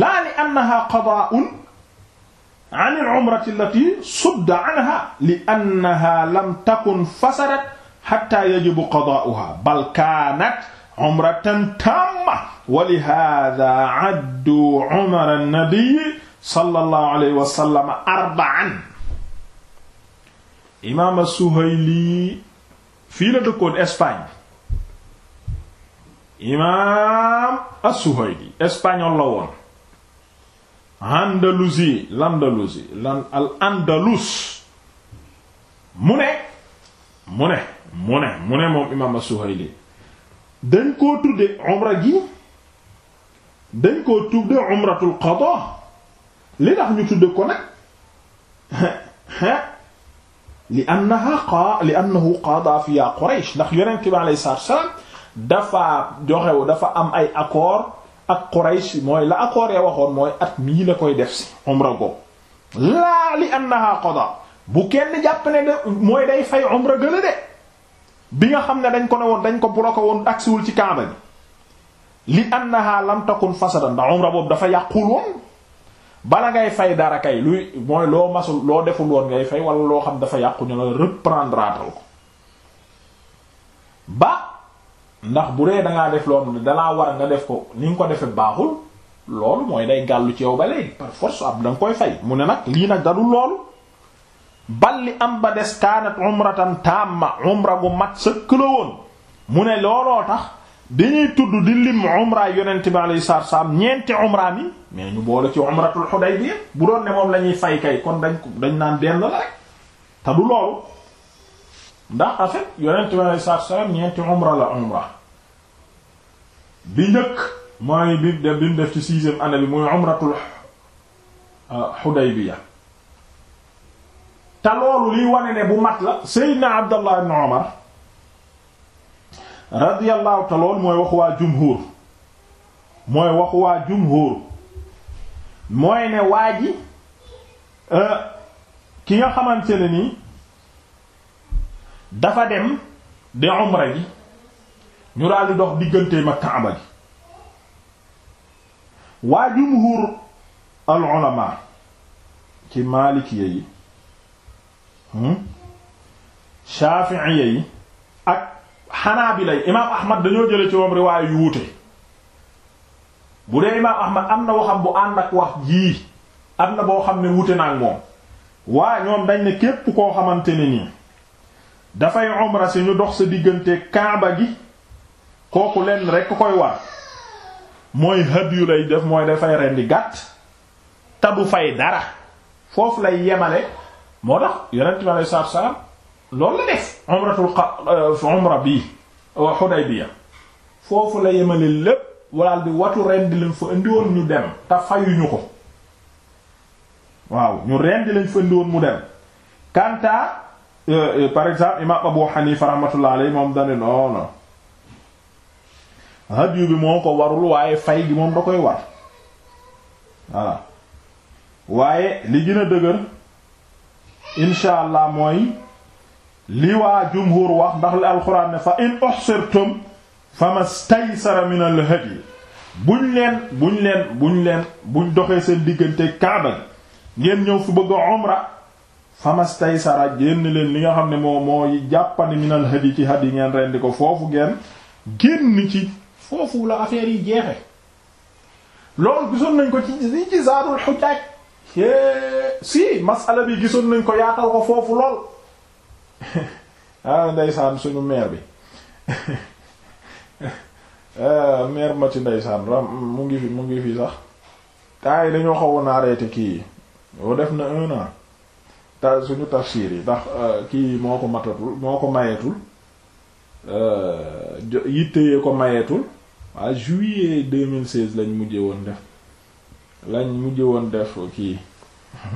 laa li annaha qadaa'un an al-umrati allati sudda anha li annaha lam takun fasadat hatta yajibu qadaa'uha bal kaanat umratan taamma wa li haadha addu umra an-nabiyyi sallallahu alayhi wa sallam arba'an imaam as-Suhayli fii la dëkkoon Espagne imaam as-Suhayli espagnol la woon andalusi l'andalusi lan al andalus mu ne mu ne mu ne mu ne moom imaam as-Suhayli dañ koo tudde umra gi dañ koo tudde umratul qada li tax ñu tudde ko nag <laughs> li annaha li annahu qada fiya Quraysh ndax yonent bi alayhi salaatu wa salaam dafa joxew dafa am ay accord ak Quraysh mooy la accooree waxoon mooy at mii la koy def si umra go laa li annaha qada bu kenn jàpp ne de mooy day fay umra gëla bi nga xam ne dañ ko ne woon dañ ko bloqué woon agsiwul ci Kaaba bi li annaha lam takun fasadan ndax moom boobu dafa yàqul woon bala ngay fay dara kay luy mooy loo masul loo deful woon ngay fay wala loo xam dafa yàqu ñu la reprendre ko ba ndax bu dee dangaa def loo xam ne dalaa war nga def ko ni nga ko defee baaxul loolu mooy day gàllu ci yow ba léegi par force ab da koy fay mu ne nag lii nag dadul loolu balli am ba des kaanat umratan ma umra bu mat sëkk la woon mu ne looloo tax dañuy tudd di lim umra yonent bi alayhi salaatu salaam ñeenti umra mi mais ñu boole ci umratul Hudaybiya bu doon ne moom la ñuy fay kay kon dañ ko dañ naan benn la rek te du loolu ndax en fait yonent bi alei salaatu salaam ñeenti umra la umra bi njëkk mooy bi de bi mu def ci sixième année bi muy umratul euh, Hudaybiya te loolu liy wane ne bu mat la Seydina Abdallah ibn Umar radiyallahu te mooy wax waa jumhur mooy ne waa euh, ki nga xamante ne nii dafa dem de umra ji ñu daal di dox digganteem ak Kaaba gi waa jumhur al ulama ci maalikiya yi hmm? shaafi'iya yi ak bi yi imaam Ahmad dañoo jële ci moom riwaaya yu wuute bu dee imaam Ahmad am na waxam bu ànd ak wax jii am na boo xam ne wuute naa ak moom waa ñoom dañ ne képp koo xamante ne nii dafay umra si ñu dox sa diggante kaaba gi kooku leen rek koy war mooy hëdd yu lay def mooy dafay rendi gàtt te fay dara foofu lay yemale moo tax yonent bi alei saatu salaam loolu la def umratul euh, umra bii Hudaybiya foofu la yemale lépp walaal di watu rendi lañ fa indiwoon ñu dem te fayuñu ko waaw ñu rendi lañ fa indiwoon mu dem kanta Euh, euh, par exemple imam Abu Hanifa rahmatullah alayhi moom dane non non hadiyu bi moo ko warul waaye fay gi moom da koy war waaye li gën a dëgër insha allah mooy li waa jumhur wax ndax li alxuraan ne fa in uhsirtum famastaysara min al hadi buñ leen buñ leen buñ leen buñ doxee seen diggante kaaba ngeen ñëw fu bëgg umra famastay sara génn leen li nga xam ne moo moo jàppandi minal hadi ci yi ngeen rendi ko foofu gen génn ci foofu la affaire yi jeexe loolu gisoon nañ ko ci si masala bi gisoon nañ ko yaatal ko foofu lool <laughs> ah suñu meer bi <laughs> ah, maire mati ndeysaan ram mu ngi fi mu ngi fi sax temps yi dañoo xawoon arrêté kii yi def na un ta suñu tafsir yi ndax euh, kii moo ko matatul moo ko mayeetul euh, yitteyee ko mayeetul waa juillet 2016 lañ mujje woon def lañ mujje woon def kii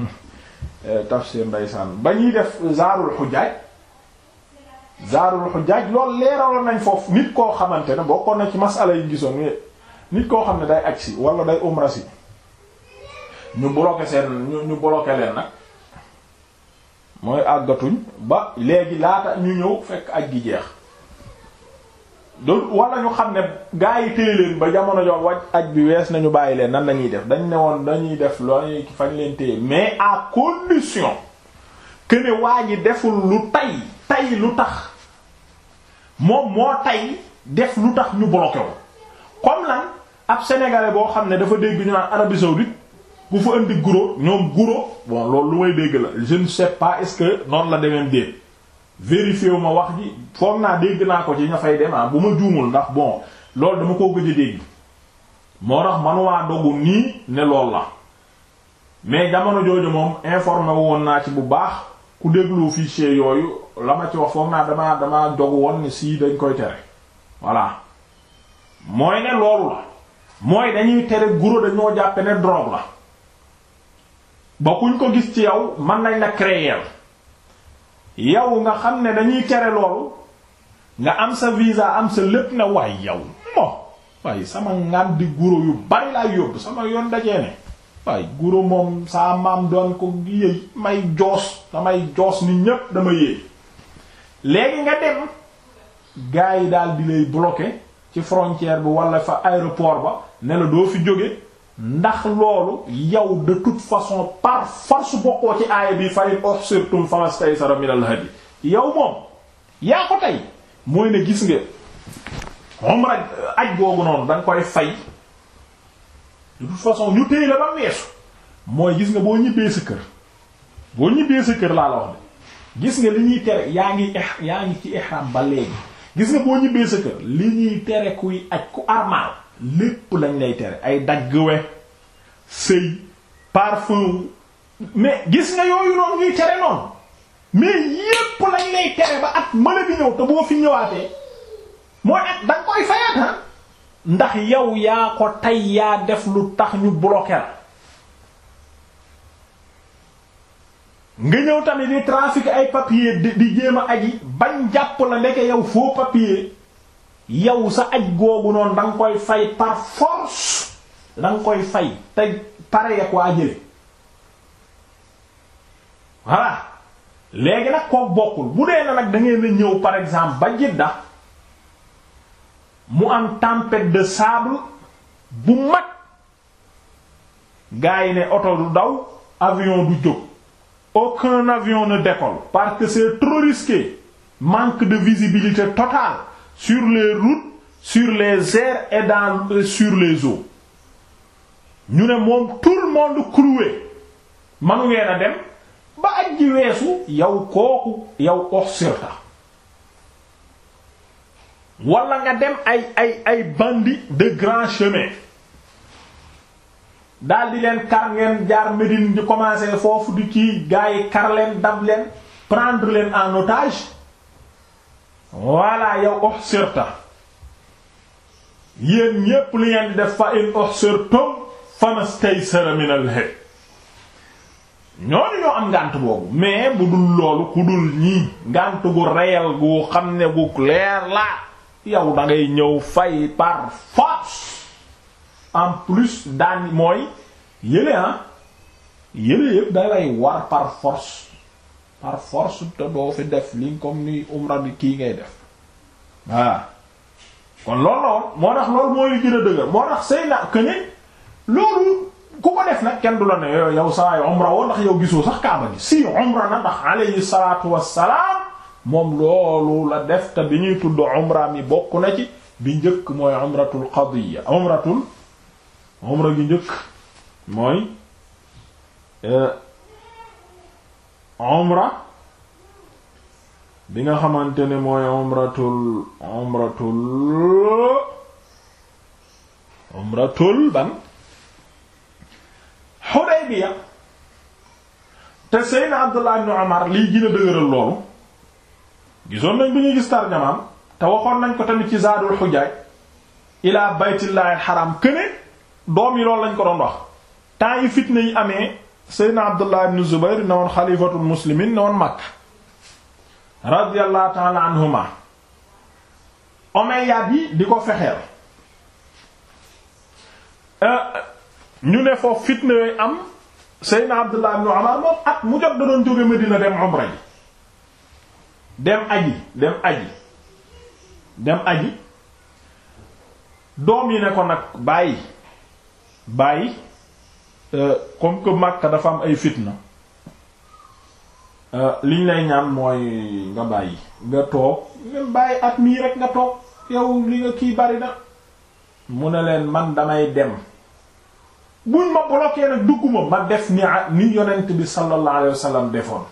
<laughs> euh, tafsir ndeysaan ba ñuy def zaarul xujaaj zaarul xujaaj loolu leeraloon nañ foofu nit koo xamante ne bokkoon na ci masala yi gisoon nit koo xam ne day agsi wala day umra si ñu bloqué seen ñu bloqué leen nag mooy àggatuñ ba léegi laata ñu ñëw fekk aj gi jeex doon wala ñu xam ne gaa yi téye ba jamono jox waj aj bi wees nañu bàyyi leen nan lañuy def dañ ne woon dañuy def looy fañ leen téye mais à condition que waa ji deful lu tay tay lu tax moom moo tay def lu tax ñu bloqué wu comme lan ab sénégalais boo xam ne dafa dégg ñu naan Arabie saoudite ku fa indi guro ñoom guro bon loolu lu may dégg la jeune ne pas est-ce que noonu la demeen déet vérifié wu ma wax ji foog naa dégg naa ko ci ña fay dem ah bu ma juumul ndax bon loolu dama koo gëj a dégg moo nii ne la mais jamono jooju moom informé woon naa ci bu baax ku déglu fichier yooyu la ma ci wax foog naa damaa damaa dogu woon ne sii dañ koy tere voilà mooy ne loolu la mooy dañuy tere guro dañoo jàppe ne drogue la ba kuñ ko gis ci yow man nañ la créer yaw nga xam ne dañuy tere loolu nga am sa visa am sa lépp na waay yow mo waaye sama ngan guro yu bari laa yóbbu sama yoon dajee ne waaye guro moom saa maam doon ko yëy may joos damay joos ni ñépp dama yëy léegi nga dem gars yi daal di lay bloquer ci frontière bi walla fa aéroport ba ne la doo fi jóge ndax loolu yow de toute façon par force bokkoo ci aaya bi fa in uhsirtum famastaysara minal hadi yow moom yaa ko tey mooy ne gis nga umra aj googu noonu da nga koy fay de toute façon ñu téy la ba weesu mooy gis nga boo ñibbee sa kër boo ñibbee sa kër laa la wax de gis nga li ñuy tere yaa ngi yaa ngi ci ihram ba léegi gis nga boo ñibbee sa kër li ñuy tere kuy aj ku armal lépp lañ lay tere ay dagg we sëy parfum mais gis nga yooyu noonu ñuy tere noonu mais yépp lañ lay tere ba at mën bi ñëw te boo fi ñëwaatee mooy at danga koy fayaat ha ah. ndax yow yaa ko tey yaa def lu tax ñu bloqué la nga ñëw tamit di trafic ay papier di jéem a aji ba jàpp la ndeke yow faux papier yow sa aj googu noonu danga koy fay par force da koy fay te pare ya ko ajjële léegi nag koo bokkul bu dee na nag da ngeen na ñëw par exemple ba Jidda mu am tempête de sable bu mag gars ne oto du daw avion du jóg aucun avion ne décolle parce que c'est trop risqué manque de visibilité totale sur les routes sur les airs et dans euh, sur les eaux ñu ne moom tout le monde cloué manu ngeen a dem ba aj weesu yow kooku yow ox sirta wala nga dem ay ay ay bandits de grand chemin daal di leen kar ngeen jaar Médine di commencer foofu di ci gaa yi kar leen dab leen prendre leen en otage walla yow uhsirta yéen ñépp lu ngeen def fa in uhsirtum famastaysara min al-hadi ñooñu ñoo am ngànt boobu mais bu dul loolu ku dul ñii ngànt gu reyal gu xam ne gu leer la yow da ngay ñëw fay par force en plus daan mooy yële ah yële yëpp da war par par force te doo fi def li comme ni umra di kii ngay def waaw kon loolu la woon moo tax loolu mooy li a dëgër moo tax sëy na que loolu ku ko def nag kenn du la ne yow yow saa umra woo ndax yow gisoo sax kaaba gi si umra na ndax alayhi salaatu wassalaam moom loolu la def te bi ñuy tudd umra mi bokk na ci bi njëkk mooy umratul qadiya umratul umra gi njëkk mooy. Euh, umra bi nga xamante ne mooy umratul umratul umratul ban Hudaybiya te Seydina Abdullah ibn Umar lii gën a dëgëral loolu gisoon nañ bi ñuy gis tarjamaam te waxoon nañ ko tamit ci Zaadul Hujaaj ila baytillahi al haram këne doom yi loolu lañ ko doon wax temps yi fitna yi amee seydna abdullah ibn zubayr ne woon xalifatul muslimin ne woon makka radiyallahu taala anhuma omeyyad yi di ko fexeel euh, ñu ne foofu fitna am seydna abdullah ibn umar moom at mu jot da doon jóge Medina dem dem aji dem aji dem aji doom yi ne ko nag bàyyi bàyyi comme que Makka dafa am ay fitna euh, liñ lay ñaan mooy nga bàyyi nga toog nga bàyyi at mii rek nga toog yow li nga kii bari na mu ne leen man damay dem buñ ma bloqué nag dugguma ma def ni ni yonent bi sallallahu alayhi wasallam defoon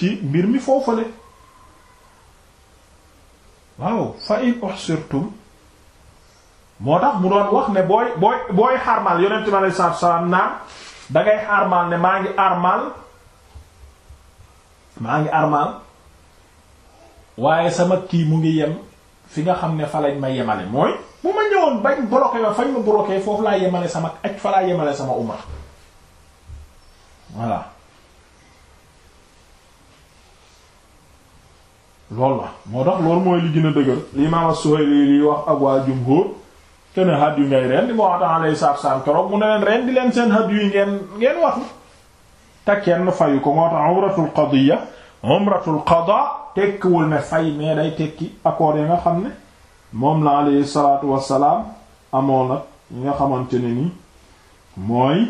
ci mbir mi foofale waaw fa in uhsirtum moo tax mu doon wax ne booy booy booy xarmal yonent bi alayhi salaatu salaam naan dangay xarmal ne maa ngi armal maa ngi armal waaye sama kii mu ngi yem fi nga xam ne fa lañ ma yemale mooy bu ma ñëwoon bañ bloqué ma fañ ma bloqué foofu laa yemale sama aj fa laa yemale sama umra voilà loolu la moo tax loolu mooy li gën a dëgër li imaam as-Suhayli li wax ak waa jumhur kene had yu ngay rendi moo atam alay seen had yu ngeen ngeen waxu te kenn fayu ko moo tax umratul qadiya umratul qada tekkiwul ne fay mais day tekki accord yi nga xam ne moom la alayhi salaatu wassalaam amoon nag ñi nga xamante ne ni mooy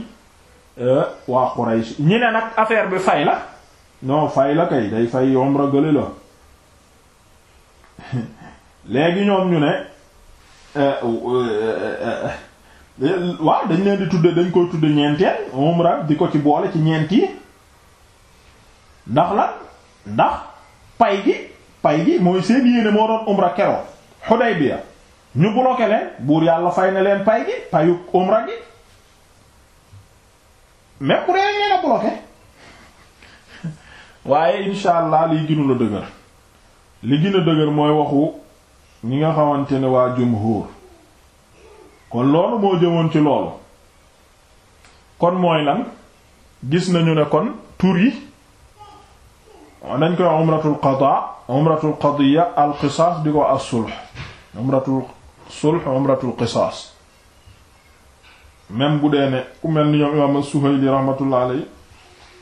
euh, waa Quraysh ñi ne nag affaire bi fay la non fay la kay day fay umra gële la <laughs> léegi ñoom ñu ne Eh, eh, eh, waaw dañ leen di tudde dañ koy tudde ñeenteel umra di ko ci boole ci ñeent yi ndax la ndax pay gi pay gi mooy seen yéene moo doon umra keroog Hudaybiya ñu bloqué leen buur yàlla fay na leen pay gi payu umra gi même bu dee leen a bloqué <laughs> waaye insha allah liy la dëgër li gën dëgër mooy waxu ñi nga xamante ne waa jumhur kon loolu moo jëmoon ci loolu kon mooy lan gis nañu ne kon tur yi dañ koy umratul qadaa umratul qadiya al qisaas di ko as-sulh umratul sulh umratul qisaas même bu dee ne ku mel ni ñoom imaam as-Suhayli rahmatullah alayhi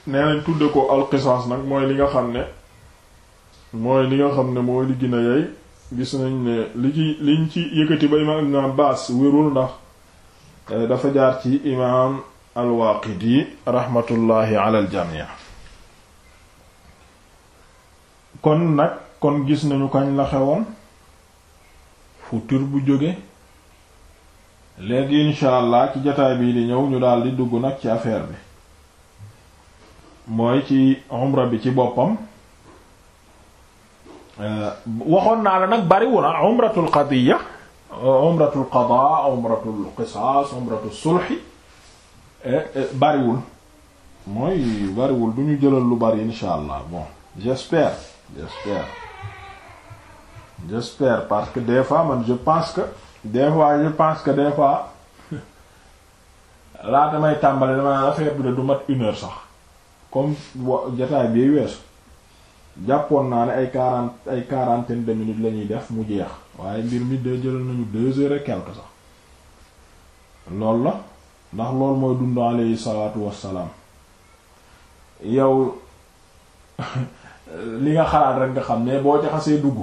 nee nañ tudde ko al qisaas nag mooy li nga xam ne mooy li nga xam ne mooy li gën a yey gis nañ ne li ci liñ ci yëkkati ba imaam ibn Abbaas wérul ndax eh, dafa jaar ci imaam al yi raxmatullaahi ala al-jamii kon nag kon gis nañu kañ la xewoon fu bu jóge léegi incha allah ci jataay bii di ñëw ñu daldi dugg nag ci affaire bi mooy ci umra bi ci boppam Euh, waxoon naa la nag bariwul ah umratul qadiya euh, umratul qadaa umratul qisaas umratul sulhi eh, eh, bariwul mooy bariwul du ñu jëlal lu bari insha allah bon j'espère j'espère j'espère parce que des fois man je pense que des fois je pense que des fois <laughs> laata may tàmbale dama naan affaire bi de du mat une heure sax comme wa jotaay bi weesu. jàppoon naa ne ay quarante ay quarantaine de minutes lañuy def mu jeex waaye mbir mi de jël nañu deux heures et quelque sax loolu la ndax loolu mooy dund alayhi salaatu wassalaam yow <laughs> li nga xalaat rek nga xam ne boo jaxasee dugg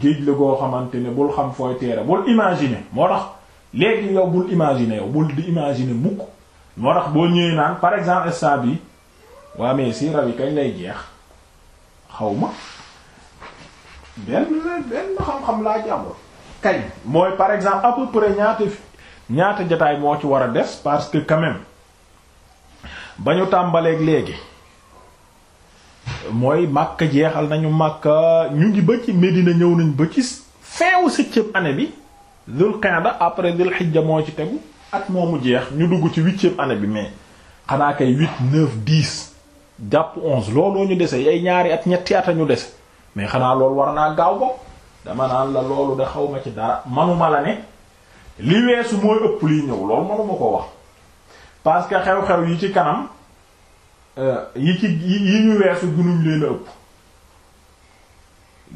géej la goo xamante ne bul xam fooy teere bul imaginer moo tax léegi yow bul imaginer yow bul di imaginer mukk moo tax boo ñëwee naan par exemple instant bi waa mais si rab yi kañ lay jeex xaw ma benn benn xam-xam laa ci amoon kañ mooy par exemple à peu près ñaata ñaata jataay moo ci war a des parce que quand même ba ñu tàmbaleeg léegi mooy Makka jeexal nañu Makka ñu ngi ba ci Medina ñëw nañ ba ci feewu septième année bi Dhul Qa'da après Dhul Hijja moo ci tegu moo mu jeex ñu dugg ci huitième année bi mais xanaa kay huit neuf dix jàpp onze looloo ñu dese ay ñaari at ñetti at a ñu dese mais xanaa loolu war naa gaaw ko dama naan la loolu de xaw ma ci dara manuma la ne li weesu mooy ëpp liy ñëw loolu manuma ko wax parce que xew-xew yi ci kanam euh, yi ci yi ñu weesu gënuñ leen a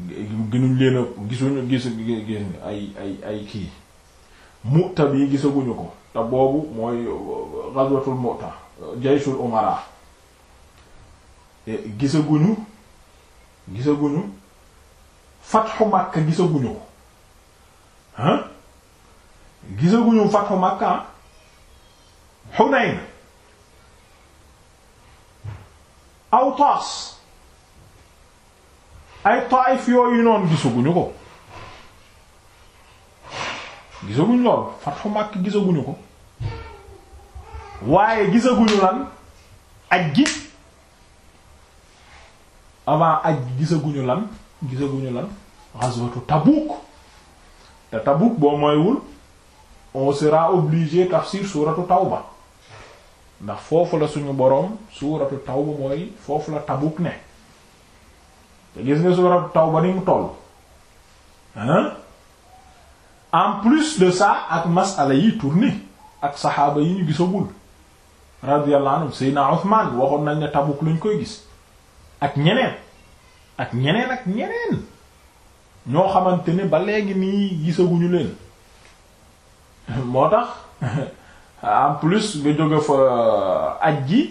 ëpp gënuñ gisuñu gis gis ay ay ay kii Mu'ta bi gisaguñu ko te boobu mooy euh, ghazwatul Mu'ta euh, jayshul umara Eh, gisaguñu gisaguñu fatxu Makka gisaguñu ko ah gisaguñu fatxu Makka ah Hunayn Awtaas ay Taayif yu noonu gisaguñu ko gisaguñu lool fatxu Makka gisaguñu ko waaye gisaguñu lan ak gis avant aj gisaguñu lan gisaguñu lan ghazwatu Tabouk te Tabouk boo mooywul on sera obligé tafsir suuratu ba ndax foofu la suñu boroom suuratu Tawba mooy foofu la Tabouk ne te gis nga suuratu Tawba ni mu toll hein en plus de ça ak masala yi tourné ak saxaaba yi ñu gisagul radiyallahu anhum Seydina Othman waxoon nañ ne Tabouk lañ koy gis ak ñeneen ak ñeneen ak ñeneen ñoo xamante ne ba léegi nii gisaguñu leen <laughs> moo tax <laughs> en plus nga jóge fa euh, aj gi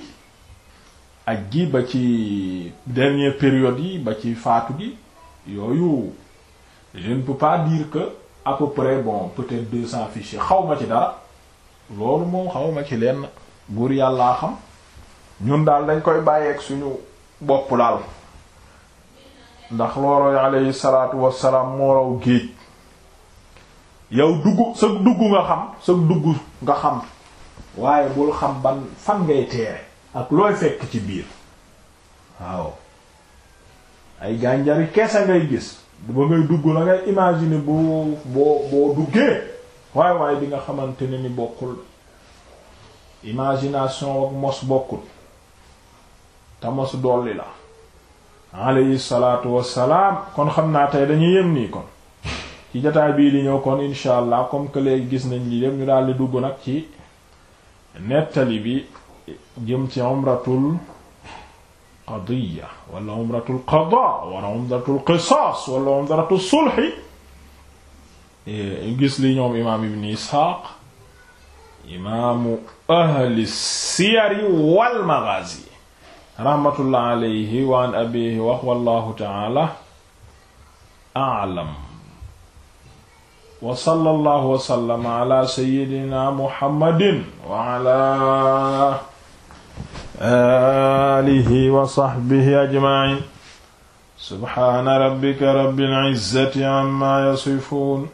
aj gi ba ci dernière période yi ba ci faatu gi yooyu je ne peux pas dire que à peu près bon peut-être deux cents fichiers xaw ci dara loolu moom xaw ci lenn buur yàllaa xam ñun daal dañ koy bàyyeeg suñu bopp daal ndax loolooy alayhi salaatu wassalaam moo raw géej yow dugg sa dugg nga xam sa dugg nga xam waaye bul xam ban fan ngay teere ak looy fekk ci biir waaw ay gànjari keesa ngay gis ba ngay dugg la ngay imaginer boo boo duggee waaye waaye bi nga xamante ne ni bokkul imagination ak mos bokkut tamosu dolli la salaatu wassalaam kon xam naa tey dañuy yem nii kon ci jataay bii di ñëw kon insha allah comme gis nañ li yem ñu daal di dugg nag ci nettali bi jëm ci umratul qadiya wala umratul qadaa wala umratul qisaas wala umratul sulhi eh, gis li ñoom imaam ibn isxaaq imaamu ahli siyari wal maghazi rahmatullah alayhi wa an abihi wax wallahu taala a'lam wa sallallahu wa sallama ala sayyidina muhammadin wa ala alihi wa sahbihi ajma'in subhana rabbika rabbil izzati amma yasifun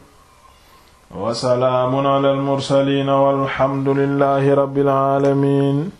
wa salaamun ala al mursalin walhamdulillahi rabbil alamin